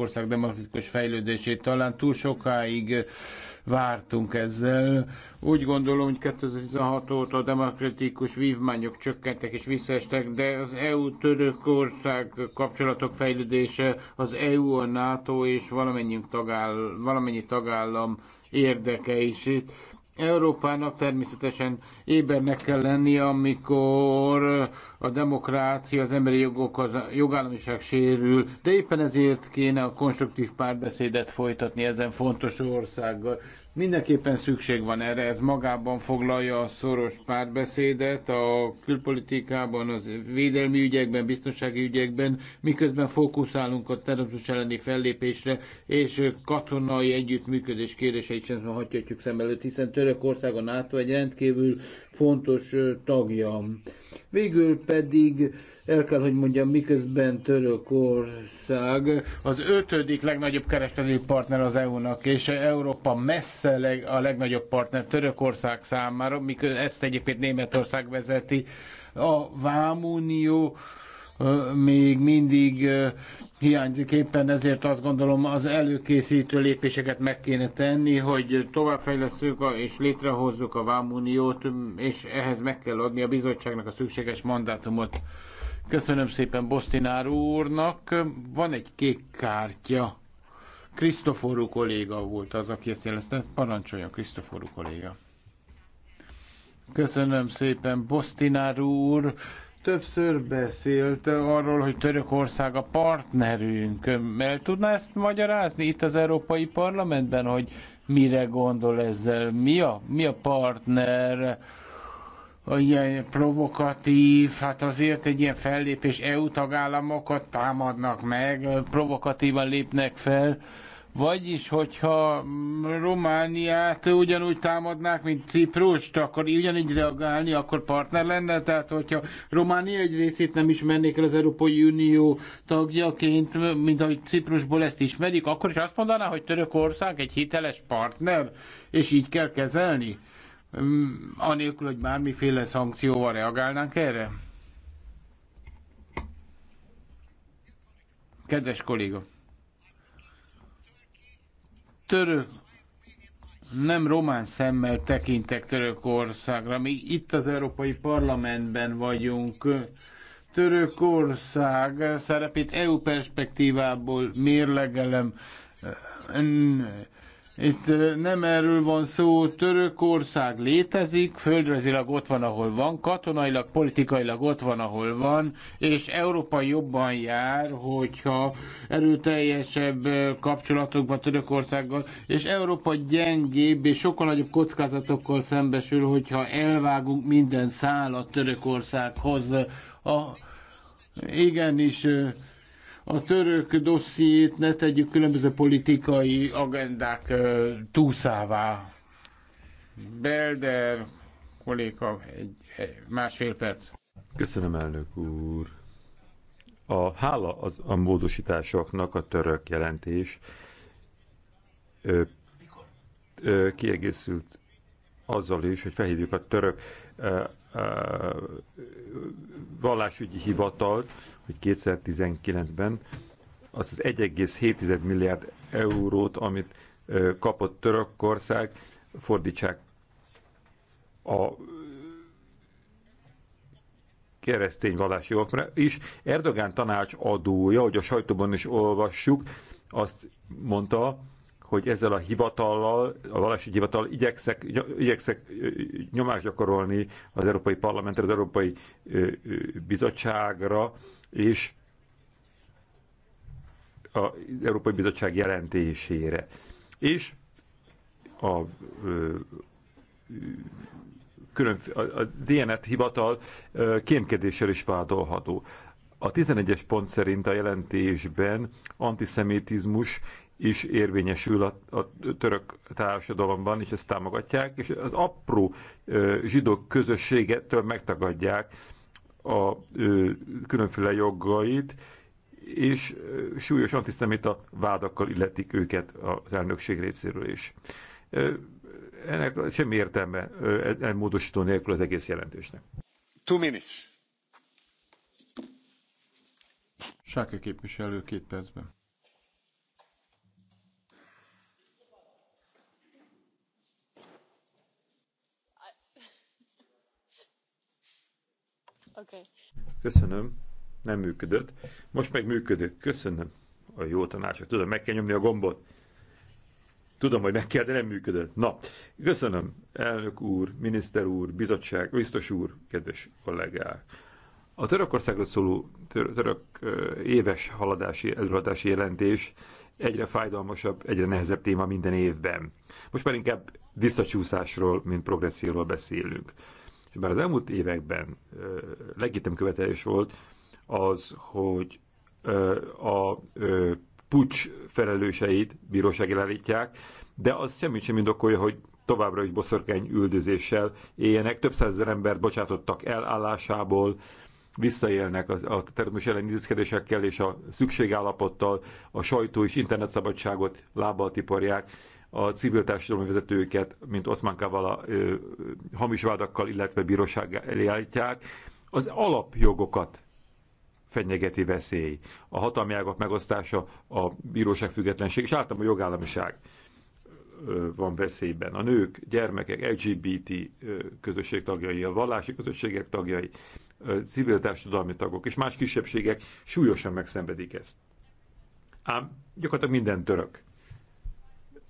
ország demokratikus fejlődését. Talán túl sokáig vártunk ezzel. Úgy gondolom, hogy 2016 óta a demokratikus vívmányok csökkentek és visszaestek, de az EU-Törökország kapcsolatok fejlődése az EU, a NATO és valamennyi, tagáll- valamennyi tagállam érdeke is. Európának természetesen ébernek kell lenni, amikor a demokrácia, az emberi jogok, a jogállamiság sérül, de éppen ezért kéne a konstruktív párbeszédet folytatni ezen fontos országgal. Mindenképpen szükség van erre, ez magában foglalja a szoros párbeszédet a külpolitikában, az védelmi ügyekben, biztonsági ügyekben, miközben fókuszálunk a terrorizmus elleni fellépésre, és katonai együttműködés kérdéseit sem hagyhatjuk szem előtt, hiszen Törökország a NATO egy rendkívül fontos tagja. Végül pedig el kell, hogy mondjam, miközben Törökország az ötödik legnagyobb kereskedelmi partner az EU-nak, és Európa messze leg, a legnagyobb partner Törökország számára, miközben ezt egyébként Németország vezeti. A Vámunió még mindig hiányzik. Éppen ezért azt gondolom, az előkészítő lépéseket meg kéne tenni, hogy továbbfejlesztjük és létrehozzuk a Vámuniót, és ehhez meg kell adni a bizottságnak a szükséges mandátumot. Köszönöm szépen Bosztinár úrnak. Van egy kék kártya. Krisztoforú kolléga volt az, aki ezt jelezte. Parancsoljon, Krisztoforú kolléga. Köszönöm szépen, Bosztinár úr többször beszélt arról, hogy Törökország a partnerünk. El tudná ezt magyarázni itt az Európai Parlamentben, hogy mire gondol ezzel? Mi a, mi a partner? Ilyen provokatív, hát azért egy ilyen fellépés EU tagállamokat támadnak meg, provokatívan lépnek fel vagyis, hogyha Romániát ugyanúgy támadnák, mint Ciprust, akkor ugyanígy reagálni, akkor partner lenne. Tehát, hogyha Románia egy részét nem ismernék el az Európai Unió tagjaként, mint ahogy Ciprusból ezt ismerik, akkor is azt mondaná, hogy Törökország egy hiteles partner, és így kell kezelni? Mm, anélkül, hogy bármiféle szankcióval reagálnánk erre? Kedves kolléga! török, nem román szemmel tekintek Törökországra. Mi itt az Európai Parlamentben vagyunk. Törökország szerepét EU perspektívából mérlegelem itt nem erről van szó, Törökország létezik, földrajzilag ott van, ahol van, katonailag, politikailag ott van, ahol van, és Európa jobban jár, hogyha erőteljesebb kapcsolatokban Törökországgal, és Európa gyengébb és sokkal nagyobb kockázatokkal szembesül, hogyha elvágunk minden szálat Törökországhoz. A, igenis, a török dossziét ne tegyük különböző politikai agendák túszává. Belder kolléga, egy, egy másfél perc. Köszönöm, elnök úr. A hála az, a módosításoknak a török jelentés ö, ö, kiegészült azzal is, hogy felhívjuk a török ö, vallásügyi hivatal, hogy 2019-ben az az 1,7 milliárd eurót, amit kapott Törökország, fordítsák a keresztény vallási jogokra is. Erdogán tanács adója, hogy a sajtóban is olvassuk, azt mondta, hogy ezzel a hivatallal, a valási hivatal igyekszek, igyekszek nyomást gyakorolni az Európai Parlamentre, az Európai Bizottságra, és az Európai Bizottság jelentésére. És a, külön, a DNS hivatal kémkedéssel is vádolható. A 11-es pont szerint a jelentésben antiszemitizmus is érvényesül a, a török társadalomban, és ezt támogatják, és az apró ö, zsidók közösségettől megtagadják a ö, különféle jogait, és ö, súlyos antiszemita vádakkal illetik őket az elnökség részéről is. Ö, ennek semmi értelme elmódosító e-, nélkül az egész jelentésnek. Two minutes. Sáke képviselő két percben. Okay. Köszönöm. Nem működött. Most meg működik. Köszönöm a jó tanácsot. Tudom, meg kell nyomni a gombot. Tudom, hogy meg kell, de nem működött. Na, köszönöm, elnök úr, miniszter úr, bizottság, biztos úr, kedves kollégák. A Törökországról szóló tör török éves haladási, előadási jelentés egyre fájdalmasabb, egyre nehezebb téma minden évben. Most már inkább visszacsúszásról, mint progresszióról beszélünk. És bár az elmúlt években ö, legitim követelés volt az, hogy a ö, pucs felelőseit bíróság elállítják, de az semmit sem indokolja, hogy továbbra is boszorkány üldözéssel éljenek. Több százezer embert bocsátottak el állásából, visszaélnek az, a termés elleni intézkedésekkel és a szükségállapottal, a sajtó és internetszabadságot lábbal tiporják a civil társadalmi vezetőket, mint Oszmán Kavala hamis vádakkal, illetve bíróság elé állítják, az alapjogokat fenyegeti veszély. A hatalmi ágok megosztása, a bíróság függetlenség, és általában a jogállamiság van veszélyben. A nők, gyermekek, LGBT közösség tagjai, a vallási közösségek tagjai, civil társadalmi tagok és más kisebbségek súlyosan megszenvedik ezt. Ám gyakorlatilag minden török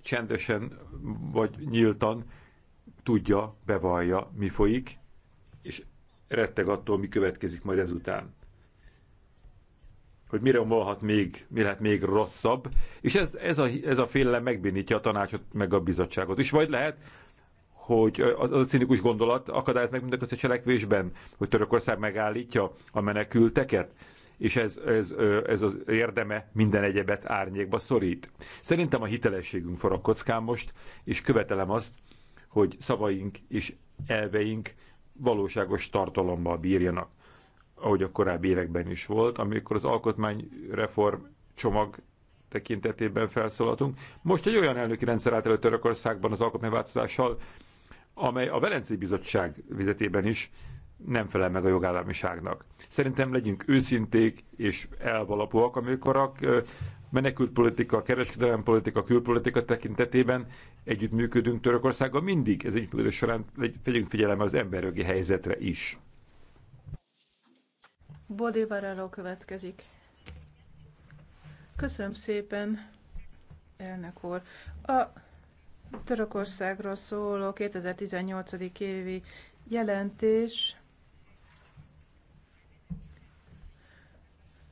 csendesen vagy nyíltan tudja, bevallja, mi folyik, és retteg attól, mi következik majd ezután. Hogy mire omolhat még, mi lehet még rosszabb, és ez, ez, a, ez a félelem megbénítja a tanácsot, meg a bizottságot. És vagy lehet, hogy az, az a cinikus gondolat akadályoz meg mindent a cselekvésben, hogy Törökország megállítja a menekülteket, és ez, ez, ez az érdeme minden egyebet árnyékba szorít. Szerintem a hitelességünk forog kockán most, és követelem azt, hogy szavaink és elveink valóságos tartalommal bírjanak, ahogy a korábbi években is volt, amikor az alkotmányreform csomag tekintetében felszólaltunk. Most egy olyan elnöki rendszer állt elő Törökországban az alkotmányváltozással, amely a Velencei Bizottság vizetében is nem felel meg a jogállamiságnak. Szerintem legyünk őszinték és elvalapúak, amikor a menekültpolitika, kereskedelempolitika, politika, külpolitika tekintetében együttműködünk Törökországgal mindig. Ez együttműködés során legyünk figyelemmel az emberjogi helyzetre is. Bodé következik. Köszönöm szépen, elnök úr. A Törökországról szóló 2018. évi jelentés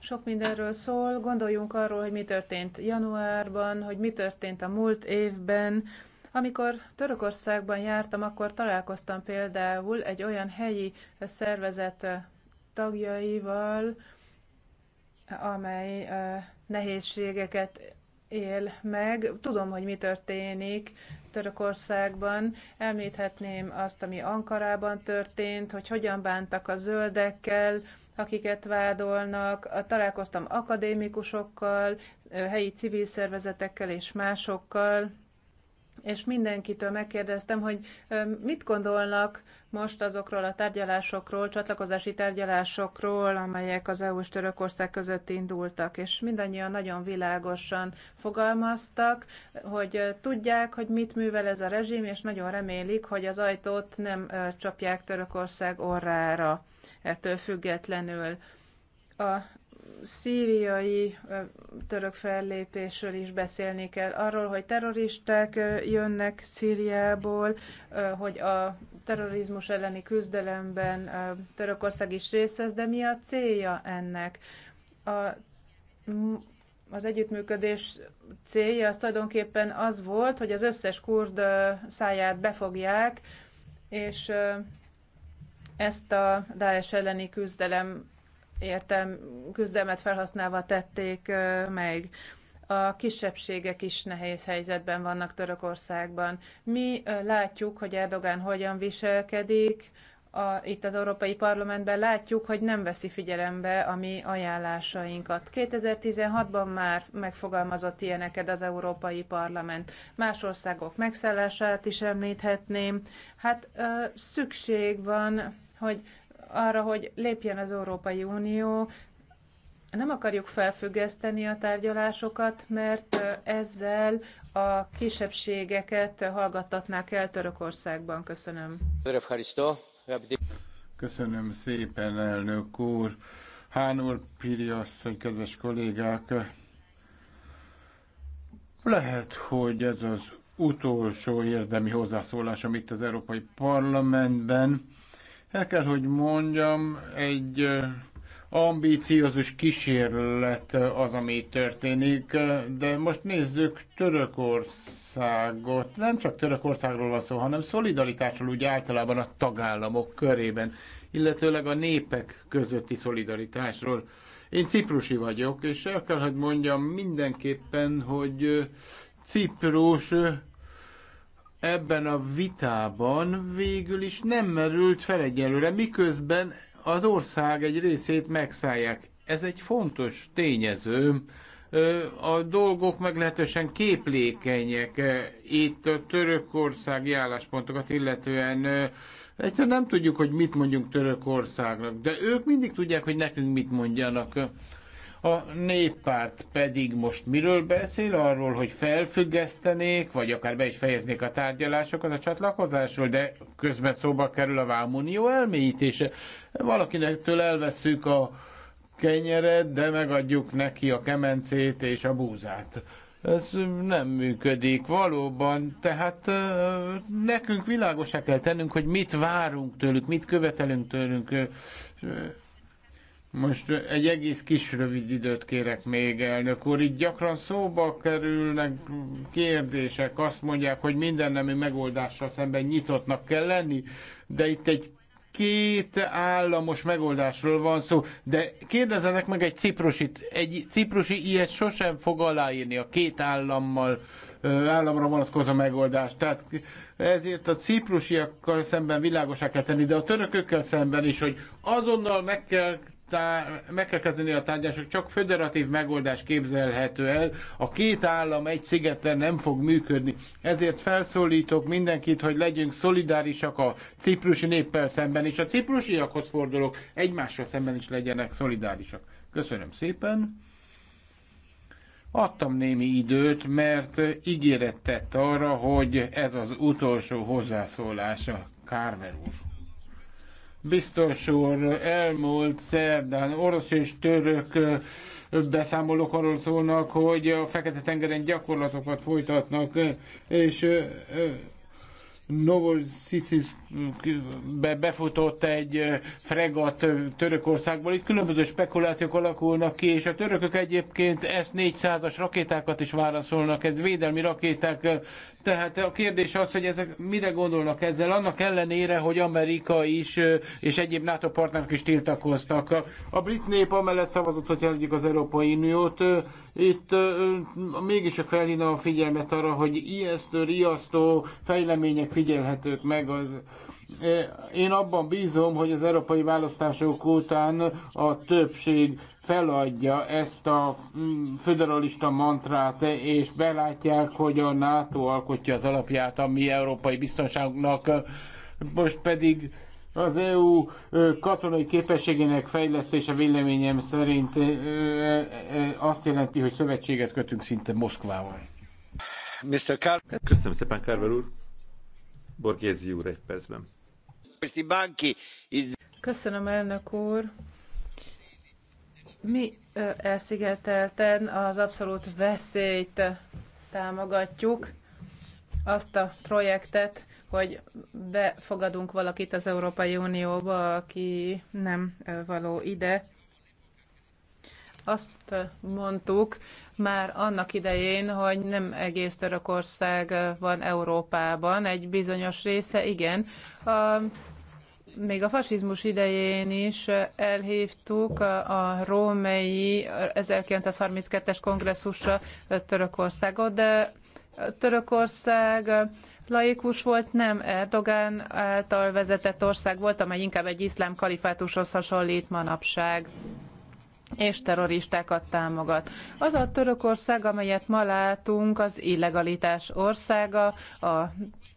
Sok mindenről szól, gondoljunk arról, hogy mi történt januárban, hogy mi történt a múlt évben. Amikor Törökországban jártam, akkor találkoztam például egy olyan helyi szervezet tagjaival, amely nehézségeket él meg. Tudom, hogy mi történik Törökországban. Említhetném azt, ami Ankarában történt, hogy hogyan bántak a zöldekkel, akiket vádolnak, találkoztam akadémikusokkal, helyi civil szervezetekkel és másokkal, és mindenkitől megkérdeztem, hogy mit gondolnak most azokról a tárgyalásokról, csatlakozási tárgyalásokról, amelyek az EU s Törökország között indultak, és mindannyian nagyon világosan fogalmaztak, hogy tudják, hogy mit művel ez a rezsim, és nagyon remélik, hogy az ajtót nem csapják Törökország orrára ettől függetlenül. A szíriai török fellépésről is beszélni kell. Arról, hogy terroristák jönnek Szíriából, hogy a terrorizmus elleni küzdelemben Törökország is részt vesz, de mi a célja ennek? A, az együttműködés célja az tulajdonképpen az volt, hogy az összes kurd száját befogják, és ezt a Daesh elleni küzdelem értem, küzdelmet felhasználva tették meg. A kisebbségek is nehéz helyzetben vannak Törökországban. Mi látjuk, hogy Erdogán hogyan viselkedik, a, itt az Európai Parlamentben látjuk, hogy nem veszi figyelembe a mi ajánlásainkat. 2016-ban már megfogalmazott ilyeneket az Európai Parlament. Más országok megszállását is említhetném. Hát ö, szükség van, hogy arra, hogy lépjen az Európai Unió. Nem akarjuk felfüggeszteni a tárgyalásokat, mert ezzel a kisebbségeket hallgattatnák el Törökországban. Köszönöm. Köszönöm szépen, elnök úr. Hán úr, Piri asszony, kedves kollégák, lehet, hogy ez az utolsó érdemi hozzászólás, amit az Európai Parlamentben el kell, hogy mondjam, egy ambíciózus kísérlet az, ami történik, de most nézzük Törökországot. Nem csak Törökországról van szó, hanem szolidaritásról úgy általában a tagállamok körében, illetőleg a népek közötti szolidaritásról. Én ciprusi vagyok, és el kell, hogy mondjam mindenképpen, hogy Ciprus ebben a vitában végül is nem merült fel egyelőre, miközben az ország egy részét megszállják. Ez egy fontos tényező. A dolgok meglehetősen képlékenyek itt a törökországi álláspontokat illetően. Egyszerűen nem tudjuk, hogy mit mondjunk Törökországnak, de ők mindig tudják, hogy nekünk mit mondjanak. A néppárt pedig most miről beszél? Arról, hogy felfüggesztenék, vagy akár be is fejeznék a tárgyalásokat a csatlakozásról, de közben szóba kerül a Vámunió elmélyítése. Valakinek től elveszük a kenyeret, de megadjuk neki a kemencét és a búzát. Ez nem működik valóban, tehát nekünk világosá kell tennünk, hogy mit várunk tőlük, mit követelünk tőlünk most egy egész kis rövid időt kérek még, elnök úr. Itt gyakran szóba kerülnek kérdések, azt mondják, hogy minden nemű megoldással szemben nyitottnak kell lenni, de itt egy két államos megoldásról van szó, de kérdezenek meg egy ciprusit. Egy ciprusi ilyet sosem fog aláírni a két állammal államra vonatkozó megoldás. Tehát ezért a ciprusiakkal szemben világosá kell tenni, de a törökökkel szemben is, hogy azonnal meg kell tá- meg kell kezdeni a tárgyások, csak föderatív megoldás képzelhető el. A két állam egy szigeten nem fog működni. Ezért felszólítok mindenkit, hogy legyünk szolidárisak a ciprusi néppel szemben, és a ciprusiakhoz fordulok, egymással szemben is legyenek szolidárisak. Köszönöm szépen. Adtam némi időt, mert ígéret tett arra, hogy ez az utolsó hozzászólása. Carver úr. Biztos úr, elmúlt szerdán orosz és török beszámolók arról szólnak, hogy a Fekete-tengeren gyakorlatokat folytatnak, és Novoszicisbe befutott egy fregat Törökországból. Itt különböző spekulációk alakulnak ki, és a törökök egyébként S-400-as rakétákat is válaszolnak. Ez védelmi rakéták tehát a kérdés az, hogy ezek mire gondolnak ezzel, annak ellenére, hogy Amerika is és egyéb NATO partnerek is tiltakoztak. A brit nép amellett szavazott, hogy elhagyjuk az Európai Uniót. Itt mégis felhívna a figyelmet arra, hogy ijesztő, riasztó fejlemények figyelhetők meg az én abban bízom, hogy az európai választások után a többség feladja ezt a mm, föderalista mantrát, és belátják, hogy a NATO alkotja az alapját a mi európai biztonságunknak. Most pedig az EU katonai képességének fejlesztése véleményem szerint azt jelenti, hogy szövetséget kötünk szinte Moszkvával. Mr. Kár... Köszönöm szépen, Kárvel úr. Borgézi úr egy percben. Köszönöm, elnök úr. Mi elszigetelten az abszolút veszélyt támogatjuk, azt a projektet, hogy befogadunk valakit az Európai Unióba, aki nem való ide, azt mondtuk már annak idején, hogy nem egész Törökország van Európában, egy bizonyos része, igen. A, még a fasizmus idején is elhívtuk a római 1932-es kongresszusra Törökországot, de Törökország laikus volt, nem Erdogán által vezetett ország volt, amely inkább egy iszlám kalifátushoz hasonlít manapság és terroristákat támogat. Az a Törökország, amelyet ma látunk, az illegalitás országa, a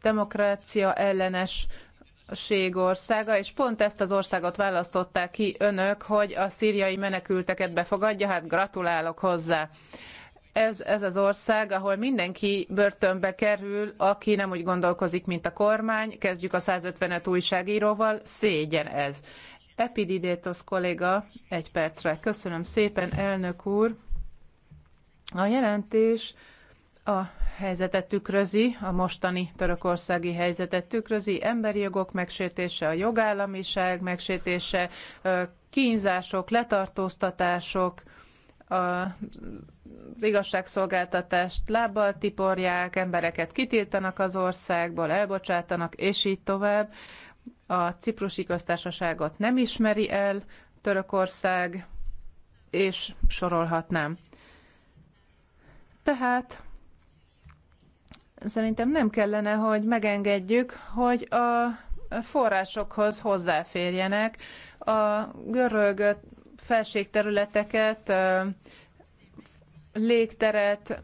demokrácia ellenes országa, és pont ezt az országot választották ki önök, hogy a szíriai menekülteket befogadja, hát gratulálok hozzá ez, ez az ország, ahol mindenki börtönbe kerül, aki nem úgy gondolkozik, mint a kormány. Kezdjük a 155 újságíróval. Szégyen ez. Epididétos kolléga, egy percre. Köszönöm szépen, elnök úr. A jelentés a helyzetet tükrözi, a mostani törökországi helyzetet tükrözi, emberi jogok megsértése, a jogállamiság megsértése, kínzások, letartóztatások, az igazságszolgáltatást lábbal tiporják, embereket kitiltanak az országból, elbocsátanak, és így tovább a ciprusi köztársaságot nem ismeri el Törökország, és sorolhatnám. Tehát szerintem nem kellene, hogy megengedjük, hogy a forrásokhoz hozzáférjenek. A görög felségterületeket, légteret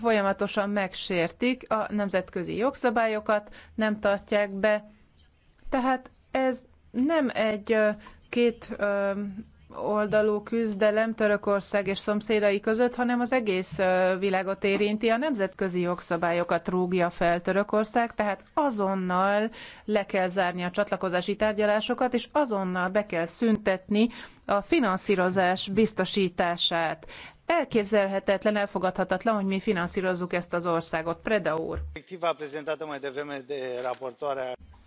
folyamatosan megsértik, a nemzetközi jogszabályokat nem tartják be, tehát ez nem egy két oldalú küzdelem Törökország és szomszédai között, hanem az egész világot érinti, a nemzetközi jogszabályokat rúgja fel Törökország, tehát azonnal le kell zárni a csatlakozási tárgyalásokat, és azonnal be kell szüntetni a finanszírozás biztosítását. Elképzelhetetlen, elfogadhatatlan, hogy mi finanszírozzuk ezt az országot. Preda úr.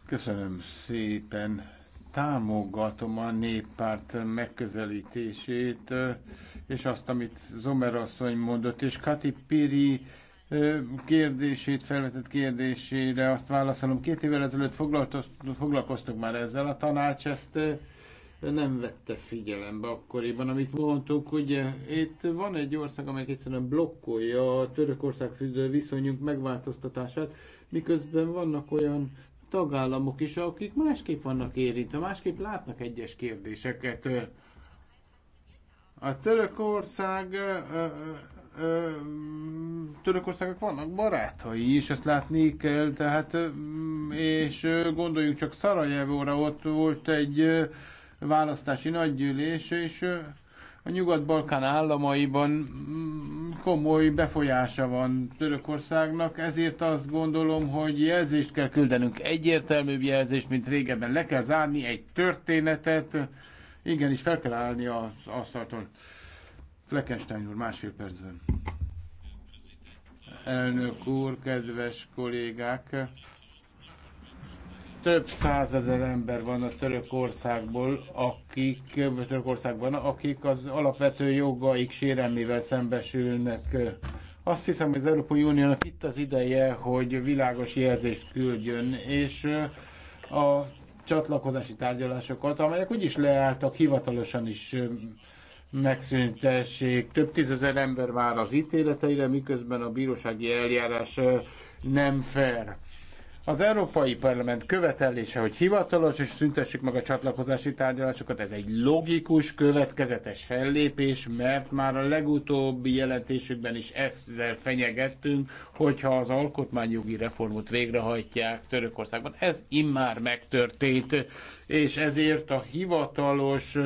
Köszönöm szépen. Támogatom a néppárt megközelítését, eh, és azt, amit Zomer asszony mondott, és Kati Piri eh, kérdését, felvetett kérdésére azt válaszolom. Két évvel ezelőtt foglalkoztunk már ezzel a tanács, ezt eh, nem vette figyelembe akkoriban, amit mondtuk ugye itt van egy ország, amely egyszerűen blokkolja a Törökország viszonyunk megváltoztatását, miközben vannak olyan tagállamok is, akik másképp vannak érintve, másképp látnak egyes kérdéseket. A Törökország Törökországok vannak barátai is, ezt látni kell, tehát és gondoljunk csak Szarajevóra, ott volt egy választási nagygyűlés, és a Nyugat-Balkán államaiban komoly befolyása van Törökországnak, ezért azt gondolom, hogy jelzést kell küldenünk, egyértelműbb jelzést, mint régebben. Le kell zárni egy történetet, igenis fel kell állni az asztalton. Fleckenstein úr, másfél percben. Elnök úr, kedves kollégák! több százezer ember van a országból, akik országban, akik az alapvető jogaik sérelmével szembesülnek. Azt hiszem, hogy az Európai Uniónak itt az ideje, hogy világos jelzést küldjön, és a csatlakozási tárgyalásokat, amelyek úgyis leálltak, hivatalosan is megszüntessék. Több tízezer ember vár az ítéleteire, miközben a bírósági eljárás nem fair az Európai Parlament követelése, hogy hivatalos és szüntessük meg a csatlakozási tárgyalásokat, ez egy logikus, következetes fellépés, mert már a legutóbbi jelentésükben is ezzel fenyegettünk, hogyha az alkotmányjogi reformot végrehajtják Törökországban. Ez immár megtörtént, és ezért a hivatalos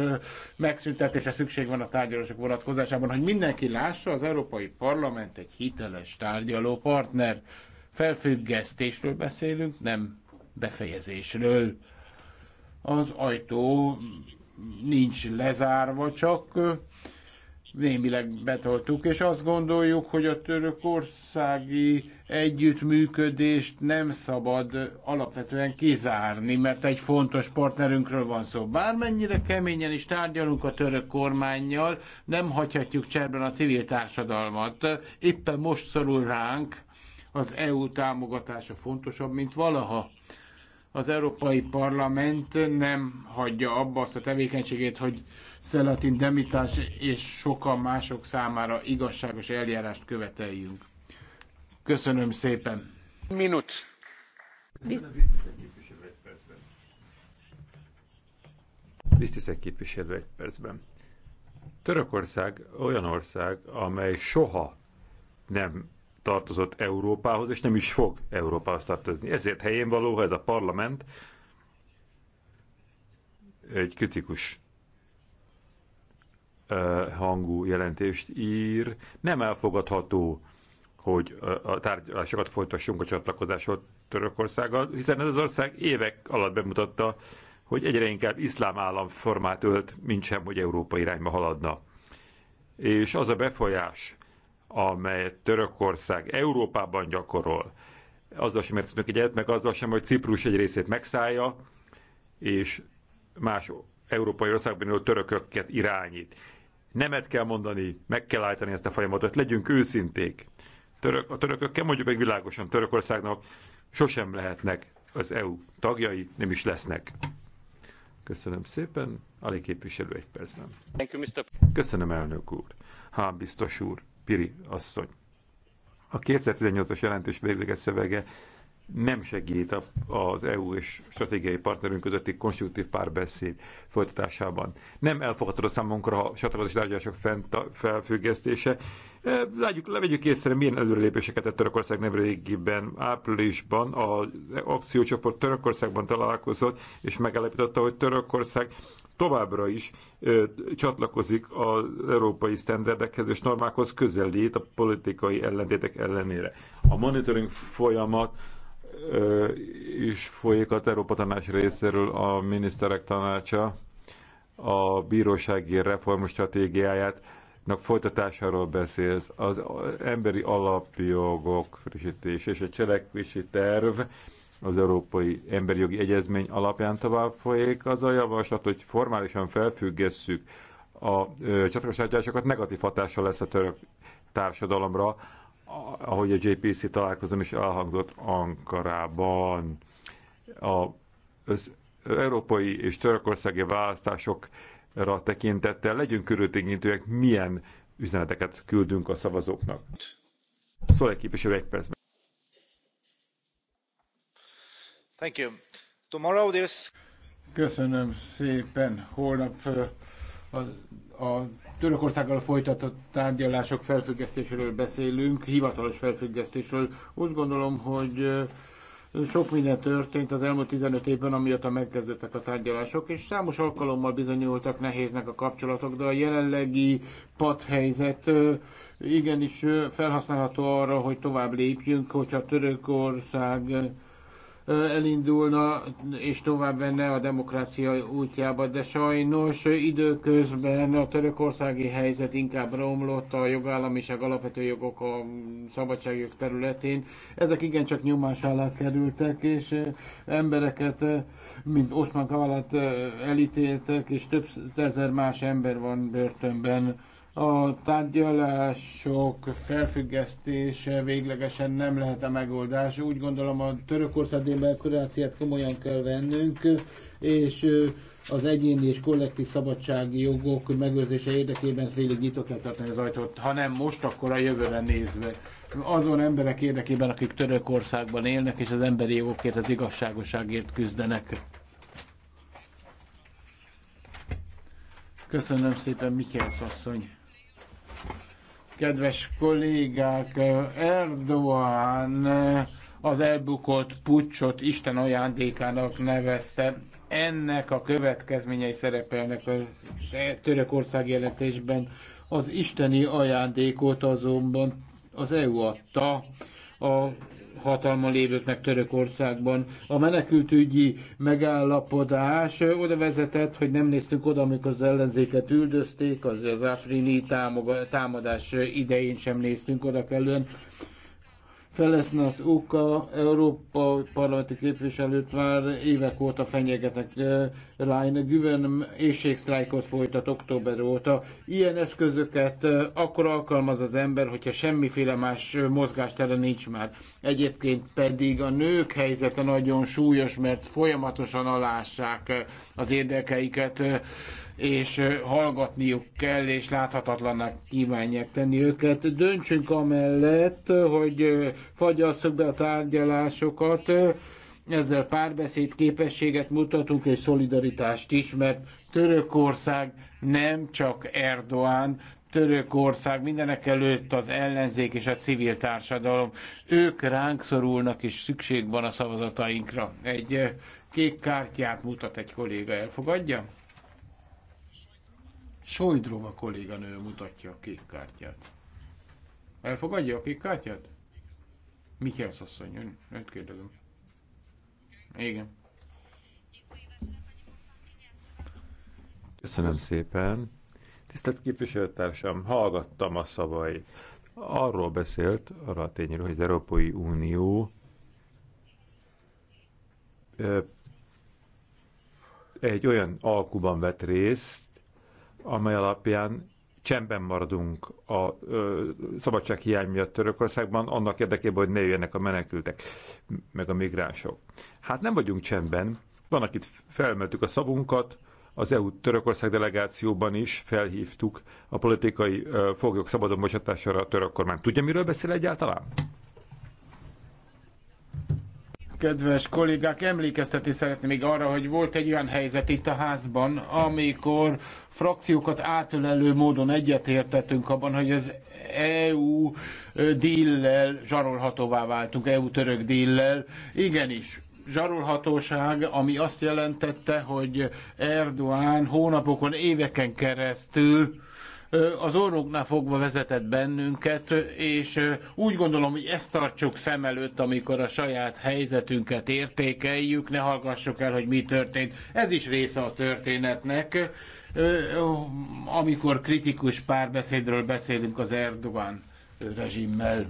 megszüntetése szükség van a tárgyalások vonatkozásában, hogy mindenki lássa, az Európai Parlament egy hiteles tárgyalópartner. partner Felfüggesztésről beszélünk, nem befejezésről. Az ajtó nincs lezárva, csak némileg betoltuk, és azt gondoljuk, hogy a törökországi együttműködést nem szabad alapvetően kizárni, mert egy fontos partnerünkről van szó. Bármennyire keményen is tárgyalunk a török kormányjal, nem hagyhatjuk cserben a civil társadalmat. Éppen most szorul ránk az EU támogatása fontosabb, mint valaha. Az Európai Parlament nem hagyja abba azt a tevékenységét, hogy Szelatin Demitás és sokan mások számára igazságos eljárást követeljünk. Köszönöm szépen. Minut. Köszönöm, képviselő egy percben. Törökország olyan ország, amely soha nem tartozott Európához, és nem is fog Európához tartozni. Ezért helyén való, ha ez a parlament egy kritikus hangú jelentést ír. Nem elfogadható, hogy a tárgyalásokat folytassunk a csatlakozásról Törökországgal, hiszen ez az ország évek alatt bemutatta, hogy egyre inkább iszlám állam formát ölt, mint sem, hogy Európa irányba haladna. És az a befolyás, amelyet Törökország Európában gyakorol, azzal sem értettünk egyet, meg azzal sem, hogy Ciprus egy részét megszállja, és más európai országban élő törököket irányít. Nemet kell mondani, meg kell állítani ezt a folyamatot, legyünk őszinték. Török, a törökökkel mondjuk meg világosan, Törökországnak sosem lehetnek az EU tagjai, nem is lesznek. Köszönöm szépen, alig képviselő egy percben. Köszönöm, elnök úr. Hán biztos úr. Piri asszony. A 2018-as jelentés végleges szövege nem segít az EU és stratégiai partnerünk közötti konstruktív párbeszéd folytatásában. Nem elfogadható számunkra a csatlakozási tárgyalások felfüggesztése. E, Látjuk, levegyük észre, milyen előrelépéseket tett Törökország nem régiben, áprilisban az akciócsoport Törökországban találkozott, és megállapította, hogy Törökország továbbra is ö, csatlakozik az európai sztenderdekhez és normákhoz közelít a politikai ellentétek ellenére. A monitoring folyamat ö, is folyik a Európa Tanács részéről a miniszterek tanácsa a bírósági reform stratégiáját folytatásáról beszélsz, az emberi alapjogok frissítés és a cselekvési terv, az Európai Emberi Jogi Egyezmény alapján tovább folyik, az a javaslat, hogy formálisan felfüggesszük a csatlakozásokat, negatív hatással lesz a török társadalomra, ahogy a JPC találkozom is elhangzott Ankarában. A, az európai és törökországi választásokra tekintettel legyünk körültékintőek, milyen üzeneteket küldünk a szavazóknak. Szól egy képviselő egy percben. Thank you. Tomorrow this... Köszönöm szépen. Holnap a, a Törökországgal folytatott tárgyalások felfüggesztéséről beszélünk, hivatalos felfüggesztésről. Úgy gondolom, hogy sok minden történt az elmúlt 15 évben, a megkezdődtek a tárgyalások, és számos alkalommal bizonyultak nehéznek a kapcsolatok, de a jelenlegi padhelyzet igenis felhasználható arra, hogy tovább lépjünk, hogyha Törökország elindulna és tovább venne a demokrácia útjába, de sajnos időközben a törökországi helyzet inkább romlott a jogállamiság alapvető jogok a szabadságjog területén. Ezek igencsak nyomás alá kerültek, és embereket, mint Oszman Kavalat elítéltek, és több ezer más ember van börtönben a tárgyalások felfüggesztése véglegesen nem lehet a megoldás. Úgy gondolom a Törökország demokráciát komolyan kell vennünk, és az egyéni és kollektív szabadsági jogok megőrzése érdekében félig nyitva kell tartani az ajtót, ha nem most, akkor a jövőre nézve. Azon emberek érdekében, akik Törökországban élnek, és az emberi jogokért, az igazságoságért küzdenek. Köszönöm szépen, Mikkelsz asszony! Kedves kollégák, Erdogan az elbukott pucsot Isten ajándékának nevezte. Ennek a következményei szerepelnek a e- Törökország jelentésben. Az isteni ajándékot azonban az EU adta a hatalmon lévőknek Törökországban. A menekültügyi megállapodás oda vezetett, hogy nem néztünk oda, amikor az ellenzéket üldözték, az, az Afrini támadás idején sem néztünk oda kellően. Felesznász Uka, Európa parlamenti képviselőt már évek óta fenyegetek Line Güven éjségsztrájkot folytat október óta. Ilyen eszközöket akkor alkalmaz az ember, hogyha semmiféle más mozgástere nincs már. Egyébként pedig a nők helyzete nagyon súlyos, mert folyamatosan alássák az érdekeiket, és hallgatniuk kell, és láthatatlannak kívánják tenni őket. Döntsünk amellett, hogy fagyasszuk be a tárgyalásokat, ezzel párbeszéd képességet mutatunk, és szolidaritást is, mert Törökország nem csak Erdoğan, Törökország mindenek előtt az ellenzék és a civil társadalom. Ők ránk szorulnak, és szükség van a szavazatainkra. Egy eh, kék kártyát mutat egy kolléga, elfogadja? Sojdrova kolléganő mutatja a kék kártyát. Elfogadja a kék kártyát? Mikkel asszony, önt kérdezem. Igen. Köszönöm szépen. Tisztelt képviselőtársam, hallgattam a szavait. Arról beszélt, arra a tényről, hogy az Európai Unió egy olyan alkuban vett részt, amely alapján csendben maradunk a ö, szabadsághiány miatt Törökországban, annak érdekében, hogy ne jöjjenek a menekültek, meg a migránsok. Hát nem vagyunk csendben, van, akit felmeltük a szavunkat, az EU Törökország delegációban is felhívtuk a politikai foglyok szabadon bocsátására a török kormány. Tudja, miről beszél egyáltalán? Kedves kollégák, emlékeztetni szeretném még arra, hogy volt egy olyan helyzet itt a házban, amikor frakciókat átölelő módon egyetértettünk abban, hogy az EU díllel zsarolhatóvá váltunk, EU-török díllel. Igenis, zsarolhatóság, ami azt jelentette, hogy Erdoğan hónapokon, éveken keresztül az orrunknál fogva vezetett bennünket, és úgy gondolom, hogy ezt tartsuk szem előtt, amikor a saját helyzetünket értékeljük, ne hallgassuk el, hogy mi történt. Ez is része a történetnek, amikor kritikus párbeszédről beszélünk az Erdogan rezsimmel.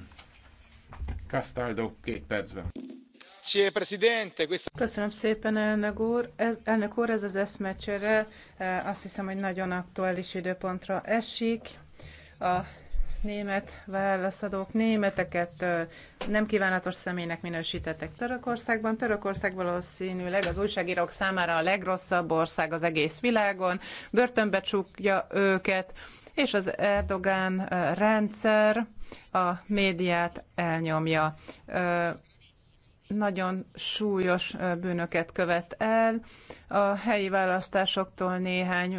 Castaldo két percben. Köszönöm szépen, elnök úr. Ez, elnök úr, ez az eszmecsere eh, azt hiszem, hogy nagyon aktuális időpontra esik. A német válaszadók németeket eh, nem kívánatos személynek minősítettek Törökországban. Törökország valószínűleg az újságírók számára a legrosszabb ország az egész világon. Börtönbe csukja őket, és az Erdogán eh, rendszer a médiát elnyomja nagyon súlyos bűnöket követ el. A helyi választásoktól néhány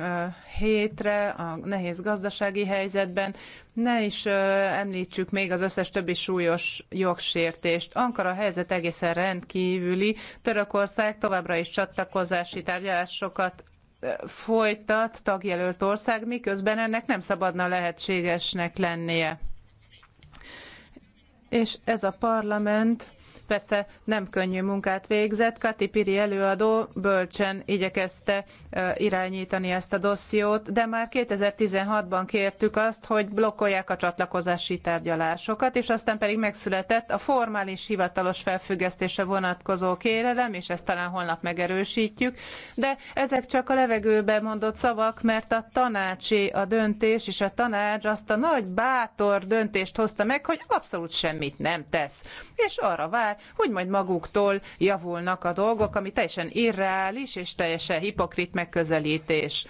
hétre, a nehéz gazdasági helyzetben, ne is említsük még az összes többi súlyos jogsértést. Ankara helyzet egészen rendkívüli. Törökország továbbra is csatlakozási tárgyalásokat folytat tagjelölt ország, miközben ennek nem szabadna lehetségesnek lennie. És ez a parlament persze nem könnyű munkát végzett. Kati Piri előadó bölcsen igyekezte irányítani ezt a dossziót, de már 2016-ban kértük azt, hogy blokkolják a csatlakozási tárgyalásokat, és aztán pedig megszületett a formális hivatalos felfüggesztése vonatkozó kérelem, és ezt talán holnap megerősítjük, de ezek csak a levegőbe mondott szavak, mert a tanácsi a döntés, és a tanács azt a nagy bátor döntést hozta meg, hogy abszolút semmit nem tesz. És arra vár, hogy majd maguktól javulnak a dolgok, ami teljesen irreális és teljesen hipokrit megközelítés.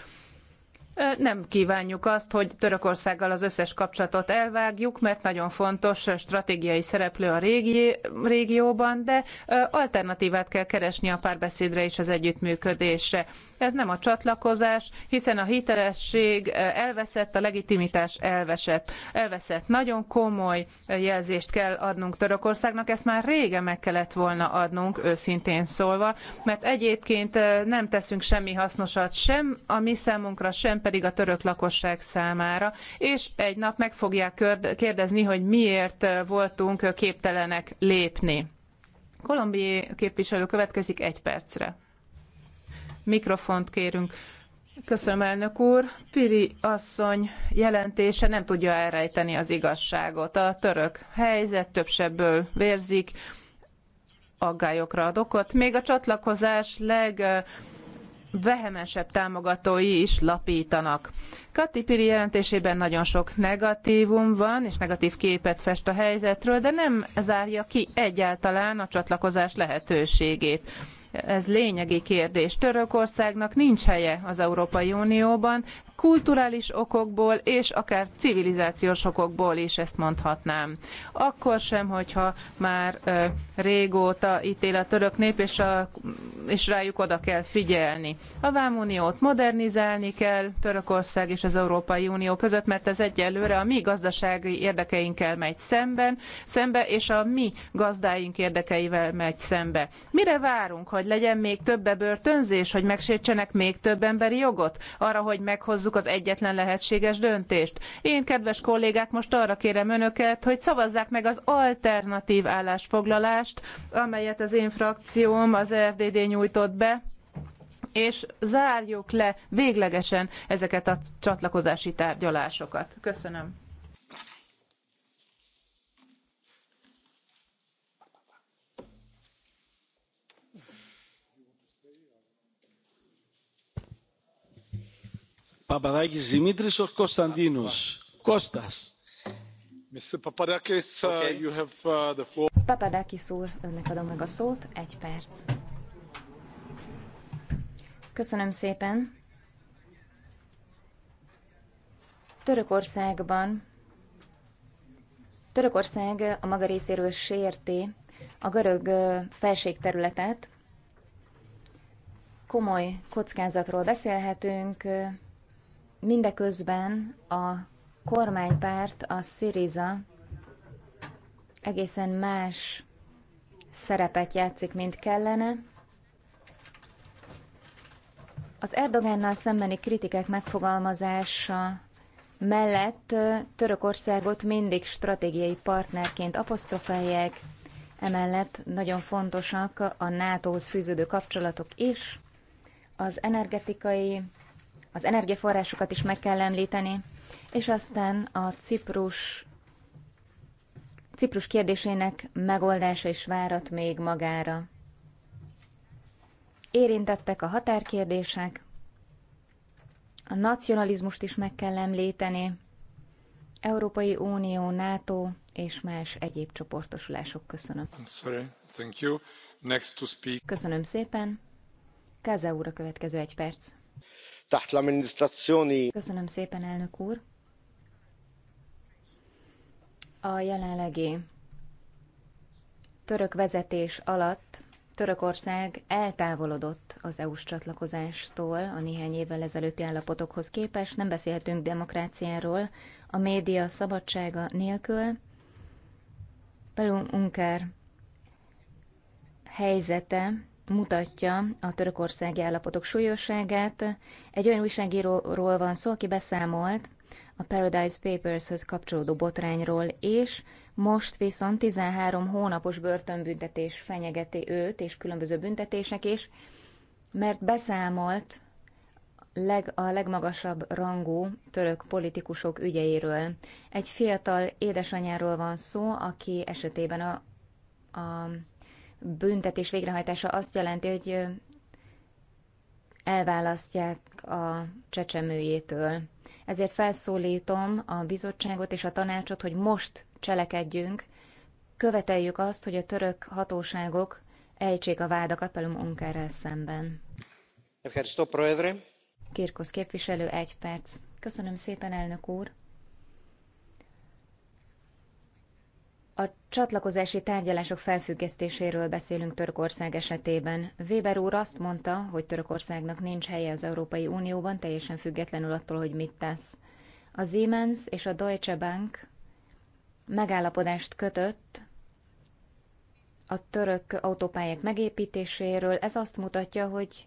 Nem kívánjuk azt, hogy Törökországgal az összes kapcsolatot elvágjuk, mert nagyon fontos stratégiai szereplő a régi, régióban, de alternatívát kell keresni a párbeszédre és az együttműködésre. Ez nem a csatlakozás, hiszen a hitelesség elveszett, a legitimitás elveszett, elveszett. Nagyon komoly jelzést kell adnunk Törökországnak, ezt már régen meg kellett volna adnunk, őszintén szólva, mert egyébként nem teszünk semmi hasznosat sem a mi számunkra, sem pedig a török lakosság számára, és egy nap meg fogják kérdezni, hogy miért voltunk képtelenek lépni. Kolumbiai képviselő következik egy percre. Mikrofont kérünk. Köszönöm, elnök úr. Piri asszony jelentése nem tudja elrejteni az igazságot. A török helyzet több sebből vérzik, aggályokra ad okot. Még a csatlakozás leg vehemesebb támogatói is lapítanak. Kati Piri jelentésében nagyon sok negatívum van, és negatív képet fest a helyzetről, de nem zárja ki egyáltalán a csatlakozás lehetőségét. Ez lényegi kérdés. Törökországnak nincs helye az Európai Unióban, kulturális okokból és akár civilizációs okokból is ezt mondhatnám. Akkor sem, hogyha már ö, régóta ítél a török nép, és, a, és rájuk oda kell figyelni. A Vámuniót modernizálni kell Törökország és az Európai Unió között, mert ez egyelőre a mi gazdasági érdekeinkkel megy szemben, szembe, és a mi gazdáink érdekeivel megy szembe. Mire várunk, hogy legyen még több börtönzés, hogy megsértsenek még több emberi jogot? Arra, hogy meghozzuk hozzuk az egyetlen lehetséges döntést. Én, kedves kollégák, most arra kérem önöket, hogy szavazzák meg az alternatív állásfoglalást, amelyet az én frakcióm, az FDD nyújtott be és zárjuk le véglegesen ezeket a csatlakozási tárgyalásokat. Köszönöm. papadakis dimitris or konstantinos? kostas. Mr. Papadakis, uh, you have uh, the floor. Papadakis úr, önnek adom meg a szót, egy perc. Köszönöm szépen. Törökországban Törökország a maga részéről sérti a görög felségterületet. Komoly kockázatról beszélhetünk, Mindeközben a kormánypárt, a Syriza egészen más szerepet játszik, mint kellene. Az Erdogánnal szembeni kritikák megfogalmazása mellett Törökországot mindig stratégiai partnerként apostrofálják, emellett nagyon fontosak a NATO-hoz fűződő kapcsolatok is, az energetikai az energiaforrásokat is meg kell említeni, és aztán a Ciprus, Ciprus kérdésének megoldása is várat még magára. Érintettek a határkérdések, a nacionalizmust is meg kell említeni, Európai Unió, NATO és más egyéb csoportosulások. Köszönöm. Köszönöm szépen. Kaza úr a következő egy perc. Köszönöm szépen, elnök úr. A jelenlegi török vezetés alatt Törökország eltávolodott az EU-s csatlakozástól a néhány évvel ezelőtti állapotokhoz képest, nem beszélhetünk demokráciáról, a média szabadsága nélkül. Belum Unker helyzete mutatja a törökországi állapotok súlyosságát. Egy olyan újságíróról van szó, aki beszámolt a Paradise Papers-höz kapcsolódó botrányról, és most viszont 13 hónapos börtönbüntetés fenyegeti őt, és különböző büntetések is, mert beszámolt leg, a legmagasabb rangú török politikusok ügyeiről. Egy fiatal édesanyáról van szó, aki esetében a, a büntetés végrehajtása azt jelenti, hogy elválasztják a csecsemőjétől. Ezért felszólítom a bizottságot és a tanácsot, hogy most cselekedjünk, követeljük azt, hogy a török hatóságok ejtsék a vádakat Pelum Unkerrel szemben. Kirkosz képviselő, egy perc. Köszönöm szépen, elnök úr! A csatlakozási tárgyalások felfüggesztéséről beszélünk Törökország esetében. Weber úr azt mondta, hogy Törökországnak nincs helye az Európai Unióban, teljesen függetlenül attól, hogy mit tesz. A Siemens és a Deutsche Bank megállapodást kötött a török autópályák megépítéséről. Ez azt mutatja, hogy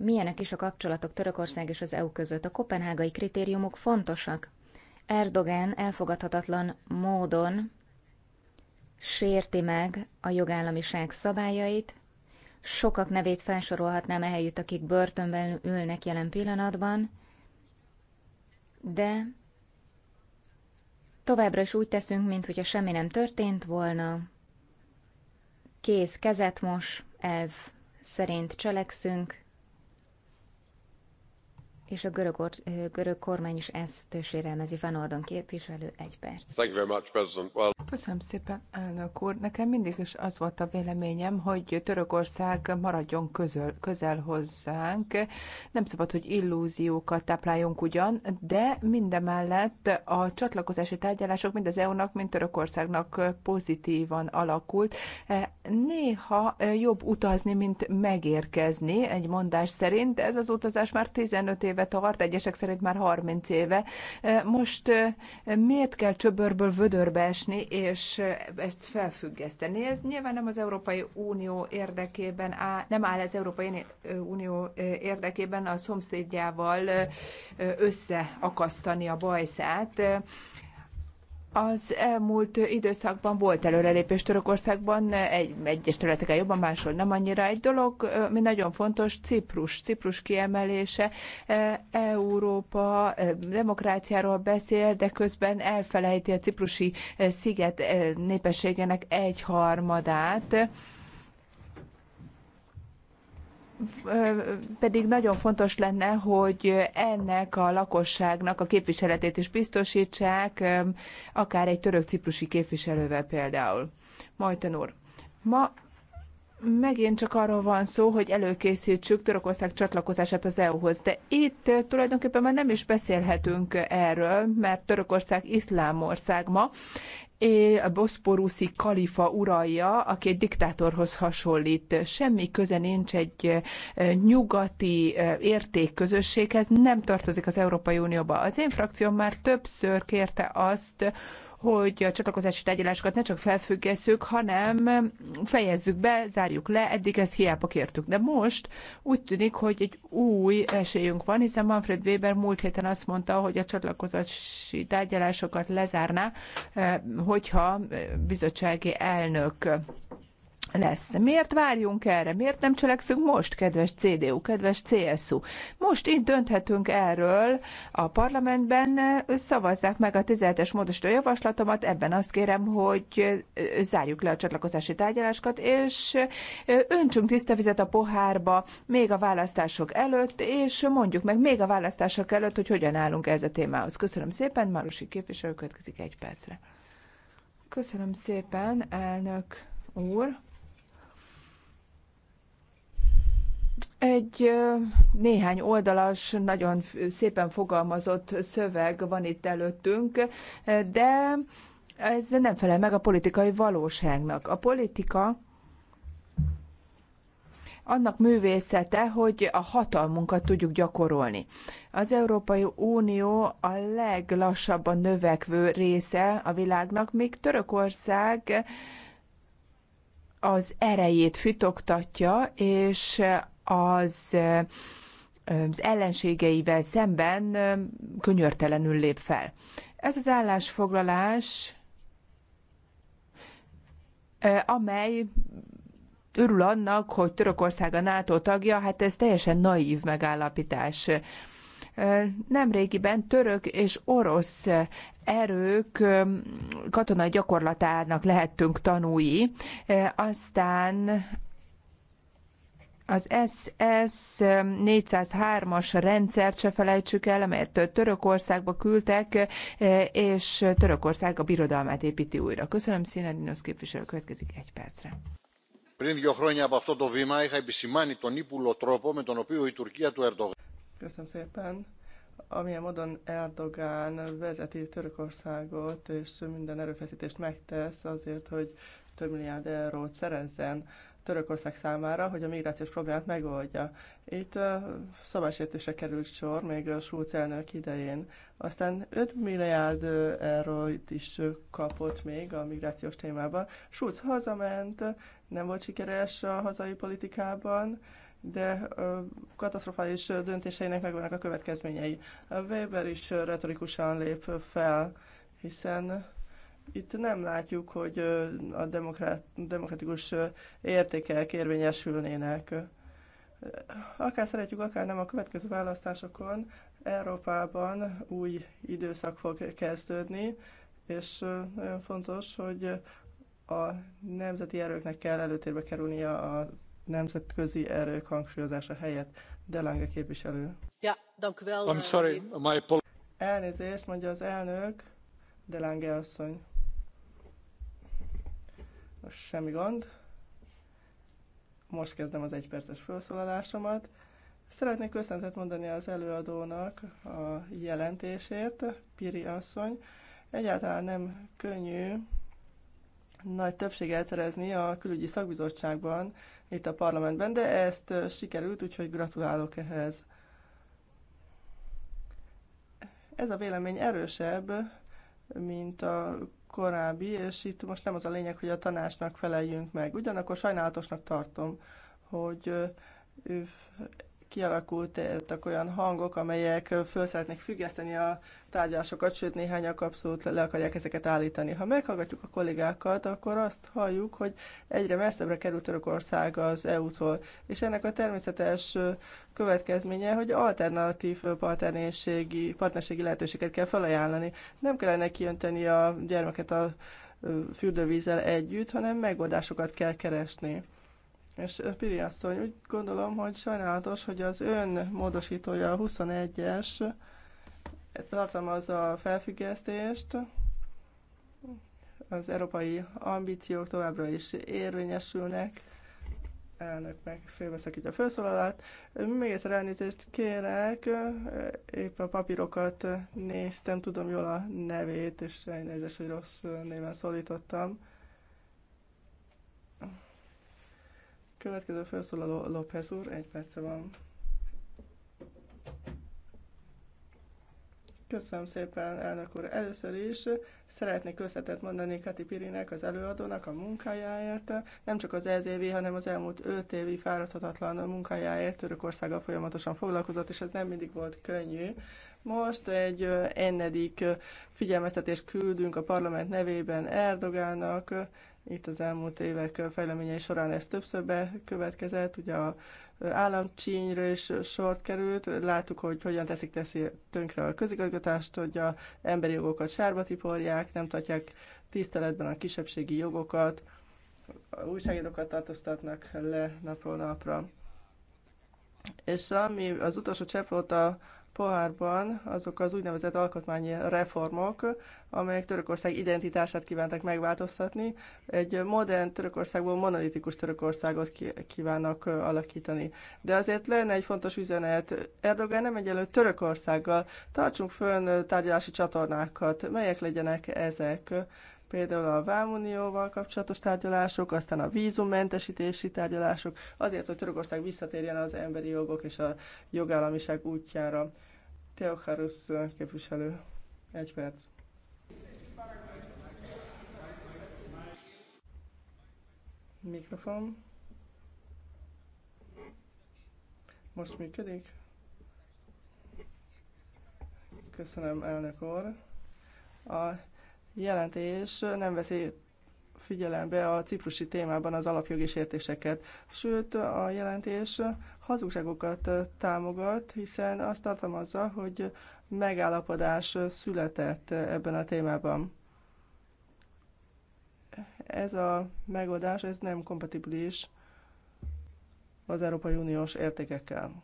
milyenek is a kapcsolatok Törökország és az EU között. A kopenhágai kritériumok fontosak. Erdogan elfogadhatatlan módon sérti meg a jogállamiság szabályait, sokak nevét felsorolhatnám ehelyütt, akik börtönben ülnek jelen pillanatban, de továbbra is úgy teszünk, mint hogyha semmi nem történt volna, kéz kezet mos, elv szerint cselekszünk, és a görög, görög kormány is ezt sérelmezi. Van Ordon képviselő, egy perc. Thank you very much, President. Well... Köszönöm szépen, elnök úr. Nekem mindig is az volt a véleményem, hogy Törökország maradjon közöl, közel hozzánk. Nem szabad, hogy illúziókat tápláljunk ugyan, de mindemellett a csatlakozási tárgyalások mind az EU-nak, mind Törökországnak pozitívan alakult. E, néha e, jobb utazni, mint megérkezni, egy mondás szerint, ez az utazás már 15 éve éve tart, egyesek szerint már 30 éve. Most miért kell csöbörből vödörbe esni, és ezt felfüggeszteni? Ez nyilván nem az Európai Unió érdekében áll, nem áll az Európai Unió érdekében a szomszédjával összeakasztani a bajszát. Az elmúlt időszakban volt előrelépés Törökországban, egy, egyes területeken jobban, máshol nem annyira. Egy dolog, ami nagyon fontos, Ciprus, Ciprus kiemelése. Európa demokráciáról beszél, de közben elfelejti a ciprusi sziget népességének egyharmadát. harmadát pedig nagyon fontos lenne, hogy ennek a lakosságnak a képviseletét is biztosítsák, akár egy török-ciprusi képviselővel például. Majten úr, ma megint csak arról van szó, hogy előkészítsük Törökország csatlakozását az EU-hoz, de itt tulajdonképpen már nem is beszélhetünk erről, mert Törökország iszlámország ma, a boszporuszi kalifa uralja, aki egy diktátorhoz hasonlít. Semmi köze nincs egy e, nyugati e, értékközösséghez, nem tartozik az Európai Unióba. Az én frakcióm már többször kérte azt, hogy a csatlakozási tárgyalásokat ne csak felfüggesszük, hanem fejezzük be, zárjuk le, eddig ezt hiába kértük. De most úgy tűnik, hogy egy új esélyünk van, hiszen Manfred Weber múlt héten azt mondta, hogy a csatlakozási tárgyalásokat lezárná, eh, hogyha eh, bizottsági elnök lesz. Miért várjunk erre? Miért nem cselekszünk most, kedves CDU, kedves CSU? Most itt dönthetünk erről a parlamentben, szavazzák meg a 17-es módosító javaslatomat, ebben azt kérem, hogy zárjuk le a csatlakozási tárgyalásokat, és öntsünk tiszta vizet a pohárba még a választások előtt, és mondjuk meg még a választások előtt, hogy hogyan állunk ez a témához. Köszönöm szépen, Marosi képviselő következik egy percre. Köszönöm szépen, elnök úr. Egy néhány oldalas, nagyon szépen fogalmazott szöveg van itt előttünk, de ez nem felel meg a politikai valóságnak. A politika annak művészete, hogy a hatalmunkat tudjuk gyakorolni. Az Európai Unió a leglassabban növekvő része a világnak, míg Törökország az erejét fitoktatja, és az az ellenségeivel szemben könyörtelenül lép fel. Ez az állásfoglalás, amely örül annak, hogy Törökország a NATO tagja, hát ez teljesen naív megállapítás. Nemrégiben török és orosz erők katonai gyakorlatának lehettünk tanúi, aztán az SS 403-as rendszert se felejtsük el, amelyet Törökországba küldtek, e, és Törökország a birodalmát építi újra. Köszönöm szépen, Dinosz képviselő, következik egy percre. Πριν δύο χρόνια από αυτό το βήμα είχα επισημάνει τον ύπουλο τρόπο με τον οποίο η Τουρκία του Köszönöm szépen. Amilyen módon Erdogán vezeti Törökországot, és minden erőfeszítést megtesz azért, hogy több milliárd eurót szerezzen Törökország számára, hogy a migrációs problémát megoldja. Itt szabásértése került sor még a Schulz elnök idején. Aztán 5 milliárd eurót is kapott még a migrációs témában. Schulz hazament, nem volt sikeres a hazai politikában, de katasztrofális döntéseinek megvannak a következményei. Weber is retorikusan lép fel, hiszen itt nem látjuk, hogy a demokratikus értékek érvényesülnének. Akár szeretjük, akár nem, a következő választásokon Európában új időszak fog kezdődni, és nagyon fontos, hogy a nemzeti erőknek kell előtérbe kerülnie a nemzetközi erők hangsúlyozása helyett. Delange képviselő. Ja, dank wel. I'm eh, sorry, my Elnézést, mondja az elnök, Delange asszony. Semmi gond. Most kezdem az egyperces felszólalásomat. Szeretnék köszöntet mondani az előadónak a jelentésért, Piri asszony. Egyáltalán nem könnyű nagy többséget szerezni a külügyi szakbizottságban, itt a parlamentben, de ezt sikerült, úgyhogy gratulálok ehhez. Ez a vélemény erősebb, mint a korábbi, és itt most nem az a lényeg, hogy a tanácsnak feleljünk meg. Ugyanakkor sajnálatosnak tartom, hogy kialakultak olyan hangok, amelyek föl szeretnék függeszteni a tárgyalásokat, sőt néhányak abszolút le akarják ezeket állítani. Ha meghallgatjuk a kollégákat, akkor azt halljuk, hogy egyre messzebbre került Törökország az EU-tól, és ennek a természetes következménye, hogy alternatív partnerségi, partnerségi lehetőséget kell felajánlani. Nem kellene kiönteni a gyermeket a fürdővízzel együtt, hanem megoldásokat kell keresni és Piri asszony, úgy gondolom, hogy sajnálatos, hogy az ön módosítója a 21-es tartalmazza a felfüggesztést, az európai ambíciók továbbra is érvényesülnek, elnök meg félbeszakítja a felszólalát. Még egyszer elnézést kérek, épp a papírokat néztem, tudom jól a nevét, és elnézést, hogy rossz néven szólítottam. Következő felszólaló López úr, egy perce van. Köszönöm szépen, elnök úr. Először is szeretnék köszönetet mondani Kati Pirinek, az előadónak a munkájáért, nem csak az EZV, hanem az elmúlt öt évi fáradhatatlan munkájáért Törökországgal folyamatosan foglalkozott, és ez nem mindig volt könnyű. Most egy ennedik figyelmeztetést küldünk a parlament nevében Erdogának, itt az elmúlt évek fejleményei során ez többször bekövetkezett, ugye a államcsínyről is sort került, láttuk, hogy hogyan teszik teszi tönkre a közigazgatást, hogy a emberi jogokat sárba tiporják, nem tartják tiszteletben a kisebbségi jogokat, újságírókat tartóztatnak le napról napra. És ami az utolsó csepp volt a pohárban azok az úgynevezett alkotmányi reformok, amelyek Törökország identitását kívántak megváltoztatni. Egy modern Törökországból monolitikus Törökországot kívánnak alakítani. De azért lenne egy fontos üzenet. Erdogan nem egyenlő Törökországgal. Tartsunk fönn tárgyalási csatornákat. Melyek legyenek ezek? például a Vámunióval kapcsolatos tárgyalások, aztán a vízummentesítési tárgyalások, azért, hogy Törökország visszatérjen az emberi jogok és a jogállamiság útjára. Teokharus képviselő, egy perc. Mikrofon. Most működik? Köszönöm, elnök úr. A jelentés nem veszi figyelembe a ciprusi témában az alapjogi sértéseket. Sőt, a jelentés hazugságokat támogat, hiszen azt tartalmazza, hogy megállapodás született ebben a témában. Ez a megoldás ez nem kompatibilis az Európai Uniós értékekkel.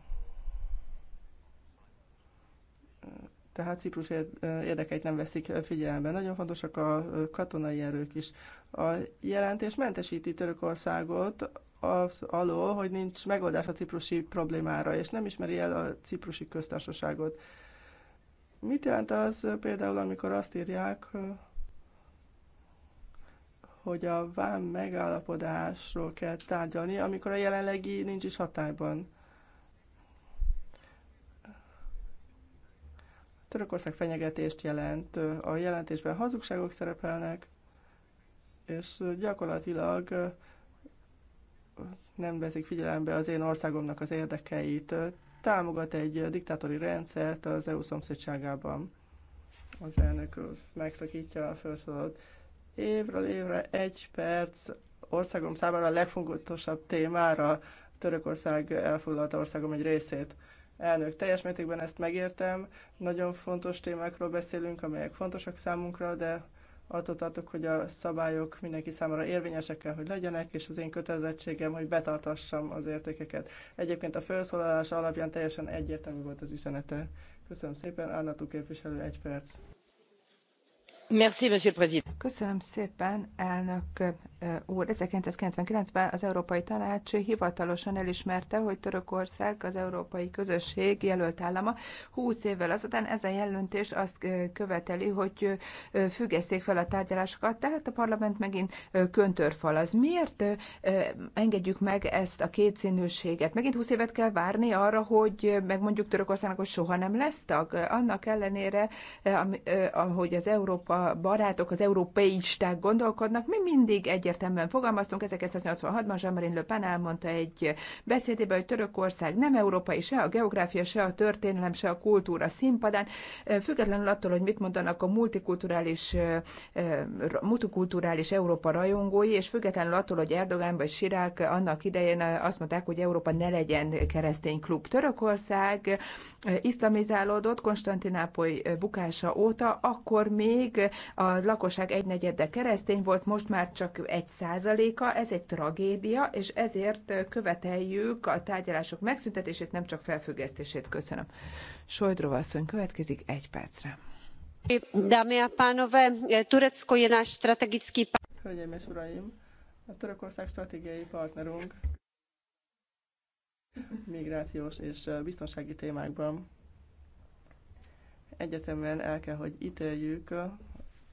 tehát Ciprus érdekeit nem veszik figyelembe. Nagyon fontosak a katonai erők is. A jelentés mentesíti Törökországot az alól, hogy nincs megoldás a ciprusi problémára, és nem ismeri el a ciprusi köztársaságot. Mit jelent az például, amikor azt írják, hogy a vám megállapodásról kell tárgyalni, amikor a jelenlegi nincs is hatályban? Törökország fenyegetést jelent. A jelentésben hazugságok szerepelnek, és gyakorlatilag nem veszik figyelembe az én országomnak az érdekeit. Támogat egy diktátori rendszert az EU szomszédságában. Az elnök megszakítja a felszólalót. Évről évre egy perc országom számára a legfontosabb témára Törökország elfoglalta országom egy részét. Elnök, teljes mértékben ezt megértem. Nagyon fontos témákról beszélünk, amelyek fontosak számunkra, de attól tartok, hogy a szabályok mindenki számára érvényesek kell, hogy legyenek, és az én kötelezettségem, hogy betartassam az értékeket. Egyébként a felszólalás alapján teljesen egyértelmű volt az üzenete. Köszönöm szépen, Arnatú képviselő, egy perc. Köszönöm szépen, elnök úr. 1999-ben az Európai Tanács hivatalosan elismerte, hogy Törökország az Európai Közösség jelölt állama. 20 évvel azután ez a jelentés azt követeli, hogy függesszék fel a tárgyalásokat, tehát a parlament megint köntörfal. Az miért engedjük meg ezt a kétszínűséget? Megint 20 évet kell várni arra, hogy megmondjuk Törökországnak, hogy soha nem lesz tag? Annak ellenére, hogy az Európa barátok, az európeisták gondolkodnak. Mi mindig egyértelműen fogalmaztunk. 1986-ban Jean-Marie Le Pen elmondta egy beszédében, hogy Törökország nem európai se a geográfia, se a történelem, se a kultúra színpadán, függetlenül attól, hogy mit mondanak a multikulturális, multikulturális Európa rajongói, és függetlenül attól, hogy Erdogán vagy Sirák annak idején azt mondták, hogy Európa ne legyen keresztény klub. Törökország iszlamizálódott Konstantinápoly bukása óta, akkor még a lakosság egynegyede keresztény volt, most már csak egy százaléka, ez egy tragédia, és ezért követeljük a tárgyalások megszüntetését, nem csak felfüggesztését. Köszönöm. Sojdrova asszony következik egy percre. Dámy a pánové, Turecko je náš strategický... Hölgyeim és uraim, a Törökország stratégiai partnerünk migrációs és biztonsági témákban egyetemben el kell, hogy ítéljük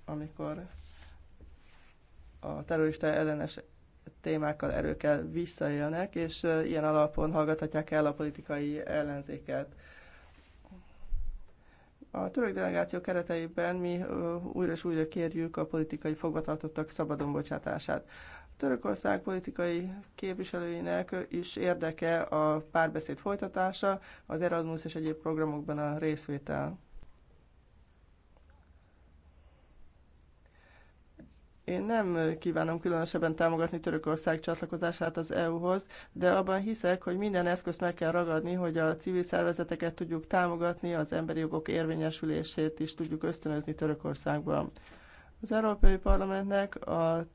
amikor a terrorista ellenes témákkal, erőkkel visszaélnek, és ilyen alapon hallgathatják el a politikai ellenzéket. A török delegáció kereteiben mi újra és újra kérjük a politikai fogvatartottak szabadon bocsátását. Törökország politikai képviselőinek is érdeke a párbeszéd folytatása, az Erasmus és egyéb programokban a részvétel. Én nem kívánom különösebben támogatni Törökország csatlakozását az EU-hoz, de abban hiszek, hogy minden eszközt meg kell ragadni, hogy a civil szervezeteket tudjuk támogatni, az emberi jogok érvényesülését is tudjuk ösztönözni Törökországban. Az Európai Parlamentnek a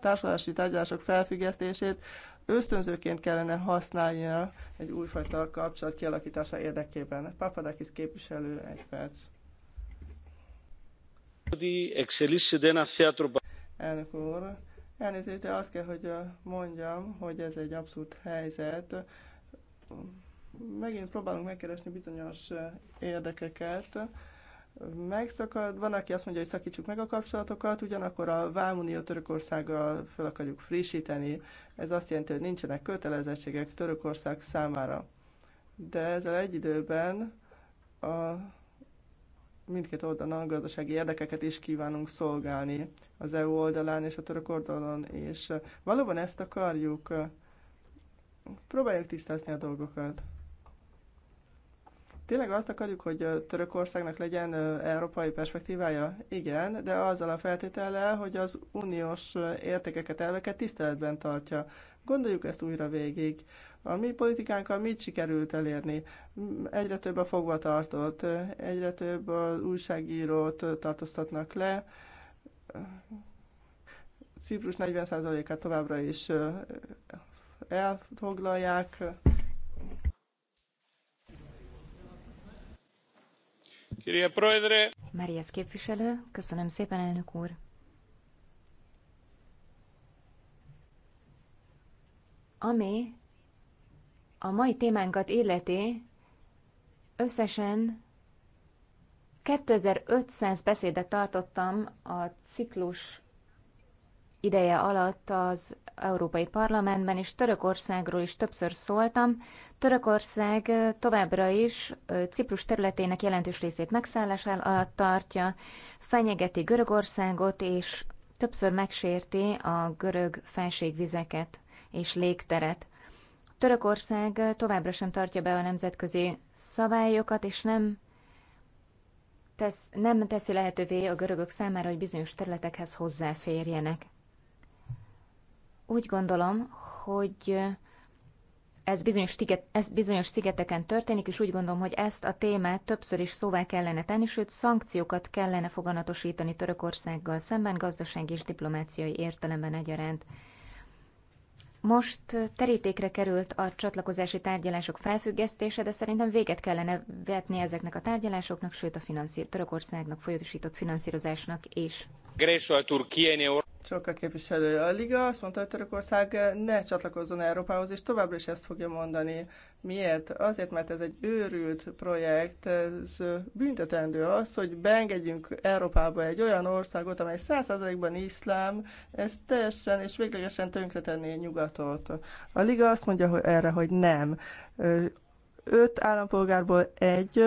társadalmi tárgyalások felfüggesztését ösztönzőként kellene használnia egy újfajta kapcsolat kialakítása érdekében. Papadakis képviselő, egy perc. Elnök úr, elnézést, de azt kell, hogy mondjam, hogy ez egy abszurd helyzet. Megint próbálunk megkeresni bizonyos érdekeket. Megszakad, van, aki azt mondja, hogy szakítsuk meg a kapcsolatokat, ugyanakkor a Vámunió Törökországgal fel akarjuk frissíteni. Ez azt jelenti, hogy nincsenek kötelezettségek Törökország számára. De ezzel egy időben a mindkét oldalon a gazdasági érdekeket is kívánunk szolgálni az EU oldalán és a török oldalon, és eh, valóban ezt akarjuk. Eh, próbáljuk tisztázni a dolgokat. Tényleg azt akarjuk, hogy eh, Törökországnak legyen európai perspektívája? Igen, de azzal a feltétellel, hogy az uniós értékeket, elveket tiszteletben tartja. Gondoljuk ezt újra végig. A mi politikánkkal mit sikerült elérni? Egyre több a fogvatartott, egyre több az újságírót tartóztatnak le, Ciprus 40%-át továbbra is elfoglalják. Marias képviselő, köszönöm szépen, elnök úr. Ami a mai témánkat illeti, összesen 2500 beszédet tartottam a ciklus ideje alatt az Európai Parlamentben, és Törökországról is többször szóltam. Törökország továbbra is Ciprus területének jelentős részét megszállás alatt tartja, fenyegeti Görögországot, és többször megsérti a görög felségvizeket és légteret. Törökország továbbra sem tartja be a nemzetközi szabályokat, és nem, tesz, nem teszi lehetővé a görögök számára, hogy bizonyos területekhez hozzáférjenek. Úgy gondolom, hogy ez bizonyos, tiget, ez bizonyos szigeteken történik, és úgy gondolom, hogy ezt a témát többször is szóvá kellene tenni, sőt szankciókat kellene foganatosítani Törökországgal szemben, gazdasági és diplomáciai értelemben egyaránt. Most terítékre került a csatlakozási tárgyalások felfüggesztése, de szerintem véget kellene vetni ezeknek a tárgyalásoknak, sőt a Törökországnak folyósított finanszírozásnak is. Csak a képviselő a Liga azt mondta, hogy Törökország ne csatlakozzon Európához, és továbbra is ezt fogja mondani. Miért? Azért, mert ez egy őrült projekt, ez büntetendő az, hogy beengedjünk Európába egy olyan országot, amely 100%-ban iszlám, ez teljesen és véglegesen tönkretenné a nyugatot. A Liga azt mondja hogy erre, hogy nem. Öt állampolgárból egy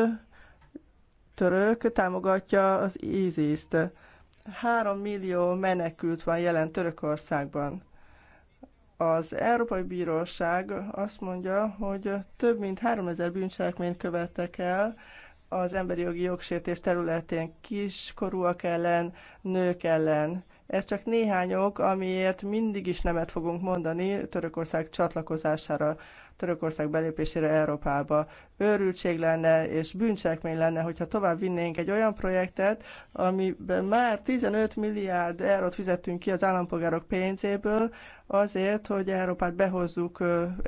török támogatja az ISIS-t 3 millió menekült van jelen Törökországban. Az Európai Bíróság azt mondja, hogy több mint 3000 bűncselekményt követtek el az emberi jogi jogsértés területén kiskorúak ellen, nők ellen. Ez csak néhány ok, amiért mindig is nemet fogunk mondani Törökország csatlakozására. Törökország belépésére Európába. Őrültség lenne és bűncselekmény lenne, hogyha tovább vinnénk egy olyan projektet, amiben már 15 milliárd eurót fizettünk ki az állampolgárok pénzéből, azért, hogy Európát behozzuk,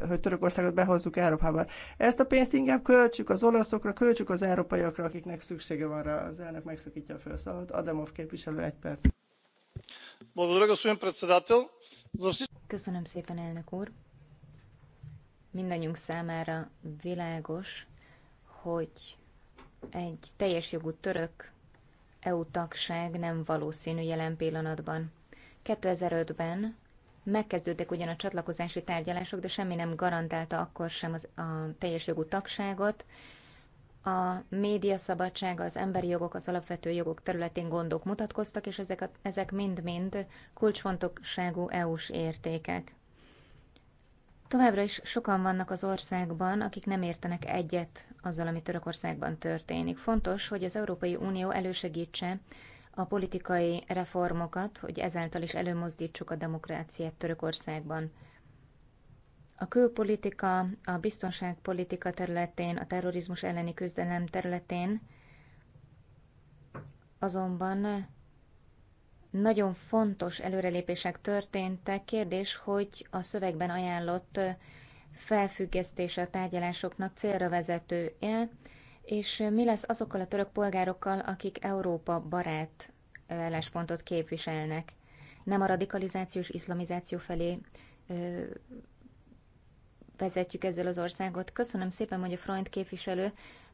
hogy Törökországot behozzuk Európába. Ezt a pénzt inkább költsük az olaszokra, költsük az európaiakra, akiknek szüksége van rá. Az elnök megszakítja a felszállat. Adamov képviselő, egy perc. Köszönöm szépen, elnök úr! mindannyiunk számára világos, hogy egy teljes jogú török EU tagság nem valószínű jelen pillanatban. 2005-ben megkezdődtek ugyan a csatlakozási tárgyalások, de semmi nem garantálta akkor sem az, a teljes jogú tagságot. A médiaszabadság, az emberi jogok, az alapvető jogok területén gondok mutatkoztak, és ezek mind-mind ezek kulcsfontosságú EU-s értékek. Továbbra is sokan vannak az országban, akik nem értenek egyet azzal, ami Törökországban történik. Fontos, hogy az Európai Unió elősegítse a politikai reformokat, hogy ezáltal is előmozdítsuk a demokráciát Törökországban. A külpolitika, a biztonságpolitika területén, a terrorizmus elleni küzdelem területén azonban nagyon fontos előrelépések történtek. Kérdés, hogy a szövegben ajánlott felfüggesztése a tárgyalásoknak célra vezető-e, és mi lesz azokkal a török polgárokkal, akik Európa barát álláspontot képviselnek? Nem a radikalizáció és iszlamizáció felé ö, vezetjük ezzel az országot. Köszönöm szépen, hogy a Freund képviselő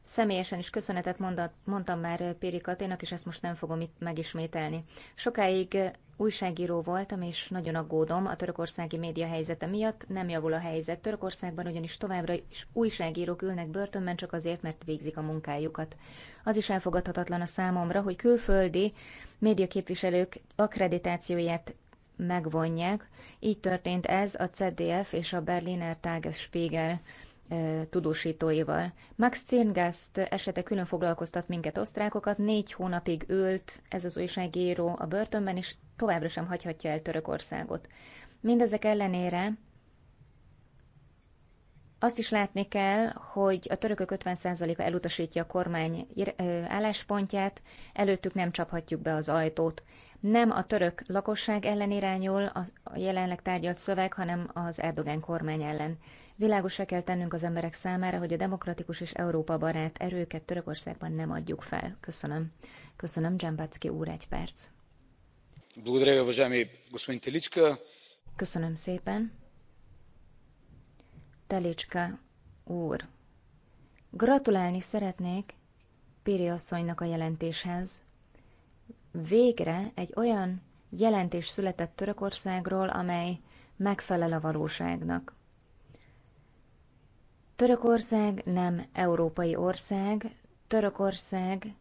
Személyesen is köszönetet mondat, mondtam már eh, Péri Katénak, és ezt most nem fogom itt megismételni. Sokáig eh, újságíró voltam, és nagyon aggódom a törökországi média helyzete miatt. Nem javul a helyzet Törökországban, ugyanis továbbra is újságírók ülnek börtönben csak azért, mert végzik a munkájukat. Az is elfogadhatatlan a számomra, hogy külföldi médiaképviselők akkreditációját megvonják. Így történt ez a CDF és a Berliner Tagesspiegel tudósítóival. Max Zirngast esete külön foglalkoztat minket osztrákokat, négy hónapig ült ez az újságíró a börtönben, és továbbra sem hagyhatja el Törökországot. Mindezek ellenére azt is látni kell, hogy a törökök 50%-a elutasítja a kormány álláspontját, előttük nem csaphatjuk be az ajtót. Nem a török lakosság ellen irányul a jelenleg tárgyalt szöveg, hanem az Erdogan kormány ellen. Világosra kell tennünk az emberek számára, hogy a demokratikus és Európa barát erőket Törökországban nem adjuk fel. Köszönöm. Köszönöm, Dzsambacki úr, egy perc. Köszönöm szépen. Telicska úr, gratulálni szeretnék Péri asszonynak a jelentéshez. Végre egy olyan jelentés született Törökországról, amely megfelel a valóságnak. Törökország nem európai ország, Törökország